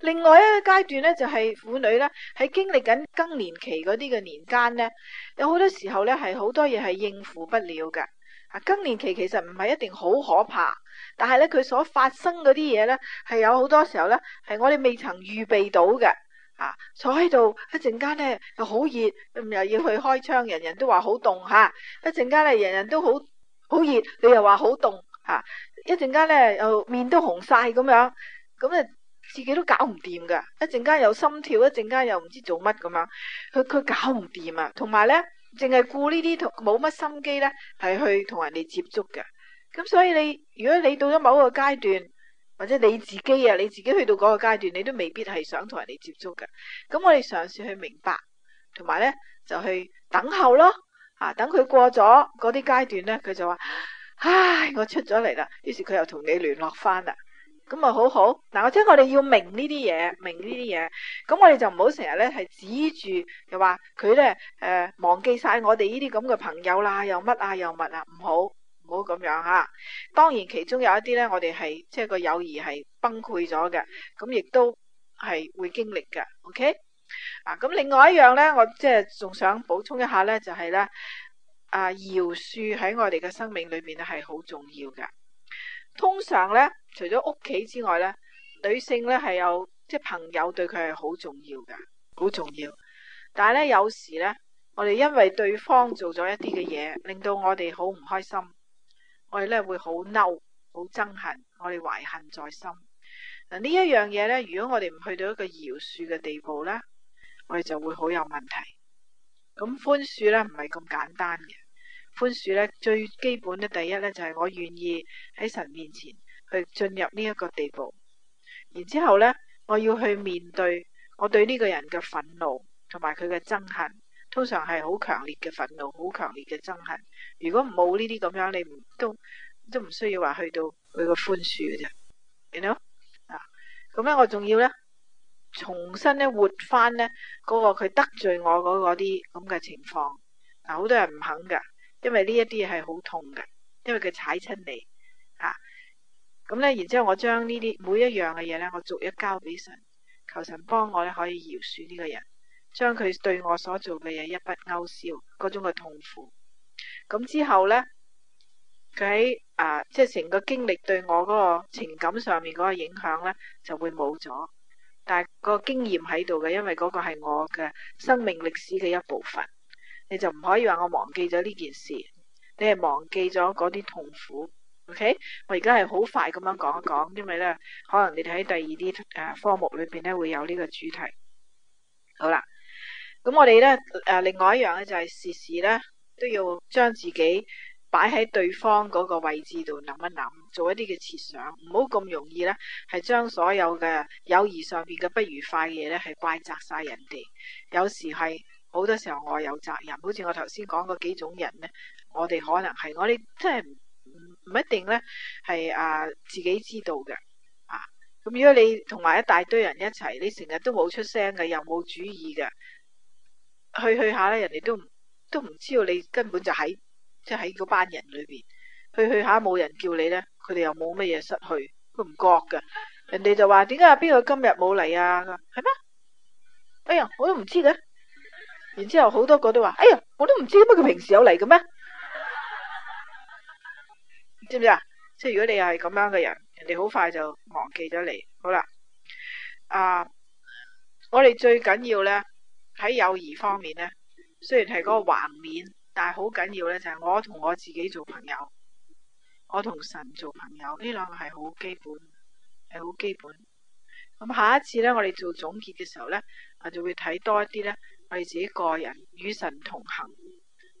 另外一個階段咧就係婦女咧喺經歷緊更年期嗰啲嘅年間咧，有好多時候咧係好多嘢係應付不了噶。啊，更年期其實唔係一定好可怕，但係咧佢所發生嗰啲嘢咧係有好多時候咧係我哋未曾預備到嘅。啊！坐喺度一陣間咧又好熱，又要去開窗。人人都話好凍嚇，一陣間咧人人都好好熱，你又話好凍嚇。一陣間咧又面都紅晒。咁樣，咁咧自己都搞唔掂㗎。一陣間又心跳，一陣間又唔知做乜咁樣，佢佢搞唔掂啊！同埋咧，淨係顧呢啲同冇乜心機咧，係去同人哋接觸嘅。咁所以你如果你到咗某一個階段，或者你自己啊，你自己去到嗰個階段，你都未必係想同人哋接觸嘅。咁我哋嘗試去明白，同埋咧就去等候咯。啊，等佢過咗嗰啲階段咧，佢就話，唉，我出咗嚟啦。於是佢又同你聯絡翻啦。咁啊，好好。嗱、啊，我聽我哋要明呢啲嘢，明呢啲嘢。咁我哋就唔好成日咧係指住又話佢咧，誒、呃，忘記晒我哋呢啲咁嘅朋友啦，又乜啊，又乜啊，唔、啊、好。唔好咁樣吓、啊，當然其中有一啲呢，我哋係即係個友誼係崩潰咗嘅，咁亦都係會經歷嘅。OK 啊，咁另外一樣呢，我即係仲想補充一下呢，就係、是、呢，啊，饒恕喺我哋嘅生命裏面咧係好重要嘅。通常呢，除咗屋企之外呢，女性呢係有即係、就是、朋友對佢係好重要嘅，好重要。但係呢，有時呢，我哋因為對方做咗一啲嘅嘢，令到我哋好唔開心。我哋咧會好嬲、好憎恨，我哋懷恨在心。嗱，呢一樣嘢咧，如果我哋唔去到一個饒恕嘅地步咧，我哋就會好有問題。咁寬恕咧唔係咁簡單嘅，寬恕咧最基本嘅第一咧就係、是、我願意喺神面前去進入呢一個地步，然之後咧我要去面對我對呢個人嘅憤怒同埋佢嘅憎恨。通常係好強烈嘅憤怒，好強烈嘅憎恨。如果冇呢啲咁樣，你唔都都唔需要話去到佢個寬恕嘅啫，You know 啊？咁咧，我仲要咧，重新咧活翻咧嗰個佢得罪我嗰啲咁嘅情況。嗱、啊，好多人唔肯噶，因為呢一啲嘢係好痛噶，因為佢踩親你啊。咁咧，然之後我將呢啲每一樣嘅嘢咧，我逐一交俾神，求神幫我咧可以饒恕呢個人。將佢對我所做嘅嘢一筆勾銷，嗰種嘅痛苦。咁之後呢，佢喺啊，即係成個經歷對我嗰個情感上面嗰個影響呢，就會冇咗。但係個經驗喺度嘅，因為嗰個係我嘅生命歷史嘅一部分。你就唔可以話我忘記咗呢件事，你係忘記咗嗰啲痛苦。OK，我而家係好快咁樣講一講，因為呢，可能你睇第二啲，誒、啊、科目裏邊呢，會有呢個主題。好啦。咁我哋呢，誒、呃，另外一樣咧、就是，就係事事呢，都要將自己擺喺對方嗰個位置度，諗一諗，做一啲嘅設想，唔好咁容易呢，係將所有嘅友誼上邊嘅不愉快嘅嘢呢，係怪責晒人哋。有時係好多時候我有責任，好似我頭先講嗰幾種人呢，我哋可能係我哋真係唔一定呢，係啊自己知道嘅咁、啊、如果你同埋一大堆人一齊，你成日都冇出聲嘅，又冇主意嘅。去去下咧，人哋都都唔知道你根本就喺即係喺嗰班人裏邊，去去下冇人叫你咧，佢哋又冇乜嘢失去，佢唔覺噶。人哋就話：點解啊邊個今日冇嚟啊？係咩？哎呀，我都唔知嘅。然之後好多個都話：哎呀，我都唔知，乜佢平時有嚟嘅咩？知唔知啊？即係如果你又係咁樣嘅人，人哋好快就忘記咗你。好啦，啊，我哋最緊要咧。喺友誼方面呢，雖然係嗰個橫面，但係好緊要咧，就係我同我自己做朋友，我同神做朋友，呢兩個係好基本，係好基本。咁下一次咧，我哋做總結嘅時候咧，我就會睇多一啲咧，我哋自己個人與神同行。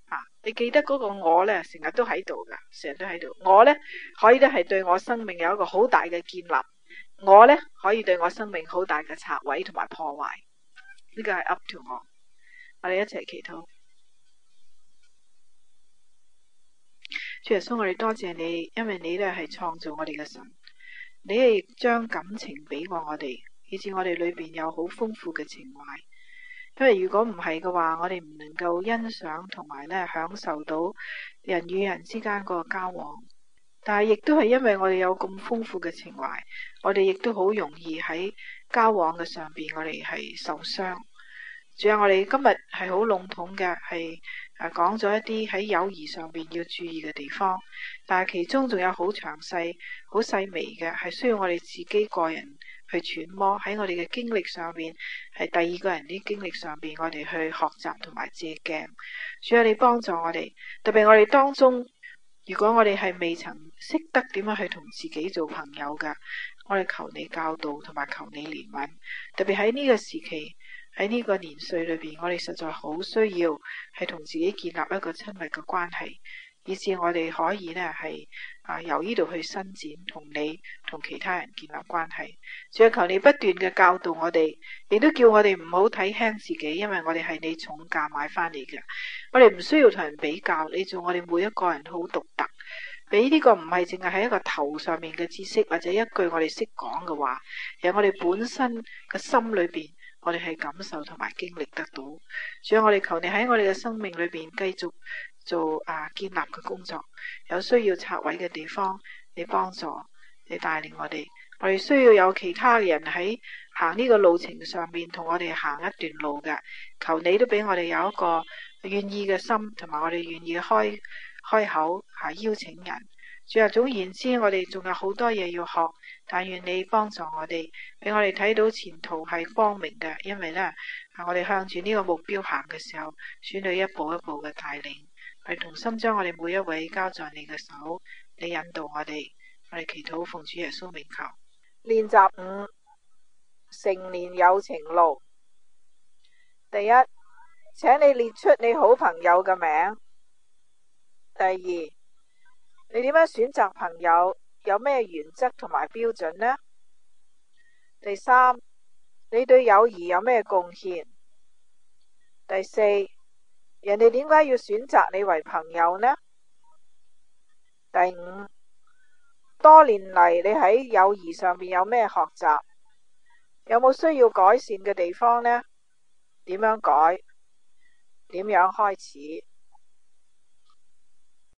啊，你記得嗰個我咧，成日都喺度噶，成日都喺度。我咧可以都係對我生命有一個好大嘅建立，我咧可以對我生命好大嘅拆毀同埋破壞。呢個係 up to all. 我，我哋一齊祈禱。主耶穌，我哋多謝你，因為你咧係創造我哋嘅神，你係將感情畀過我哋，以至我哋裏邊有好豐富嘅情懷。因為如果唔係嘅話，我哋唔能夠欣賞同埋咧享受到人與人之間嗰個交往。但係亦都係因為我哋有咁豐富嘅情懷，我哋亦都好容易喺交往嘅上邊，我哋係受傷。仲有我哋今日係好籠統嘅，係誒講咗一啲喺友誼上邊要注意嘅地方，但係其中仲有好詳細、好細微嘅，係需要我哋自己個人去揣摩喺我哋嘅經歷上邊，係第二個人啲經歷上邊，我哋去學習同埋借鏡。主要你幫助我哋，特別我哋當中。如果我哋係未曾識得點樣去同自己做朋友嘅，我哋求你教導同埋求你憐憫，特別喺呢個時期，喺呢個年歲裏邊，我哋實在好需要係同自己建立一個親密嘅關係，以致我哋可以呢係啊、呃、由呢度去伸展同你同其他人建立關係。主要求你不斷嘅教導我哋，亦都叫我哋唔好睇輕自己，因為我哋係你重價買翻嚟嘅。我哋唔需要同人比較，你做我哋每一個人都好獨特。俾呢個唔係淨係喺一個頭上面嘅知識，或者一句我哋識講嘅話，而係我哋本身嘅心裏邊，我哋係感受同埋經歷得到。所以我哋求你喺我哋嘅生命裏邊繼續做啊建立嘅工作，有需要拆位嘅地方，你幫助，你帶領我哋。我哋需要有其他嘅人喺行呢個路程上面同我哋行一段路嘅。求你都俾我哋有一個。願意嘅心，同埋我哋願意開開口，係、啊、邀請人。主啊，總言之，我哋仲有好多嘢要學，但願你幫助我哋，俾我哋睇到前途係光明嘅。因為咧、啊，我哋向住呢個目標行嘅時候，需要一步一步嘅帶領。我哋同心將我哋每一位交在你嘅手，你引導我哋。我哋祈禱，奉主耶穌名求。練習五，成年友情路，第一。請你列出你好朋友嘅名。第二，你點樣選擇朋友？有咩原則同埋標準呢？第三，你對友誼有咩貢獻？第四，人哋點解要選擇你為朋友呢？第五，多年嚟你喺友誼上面有咩學習？有冇需要改善嘅地方呢？點樣改？點樣開始？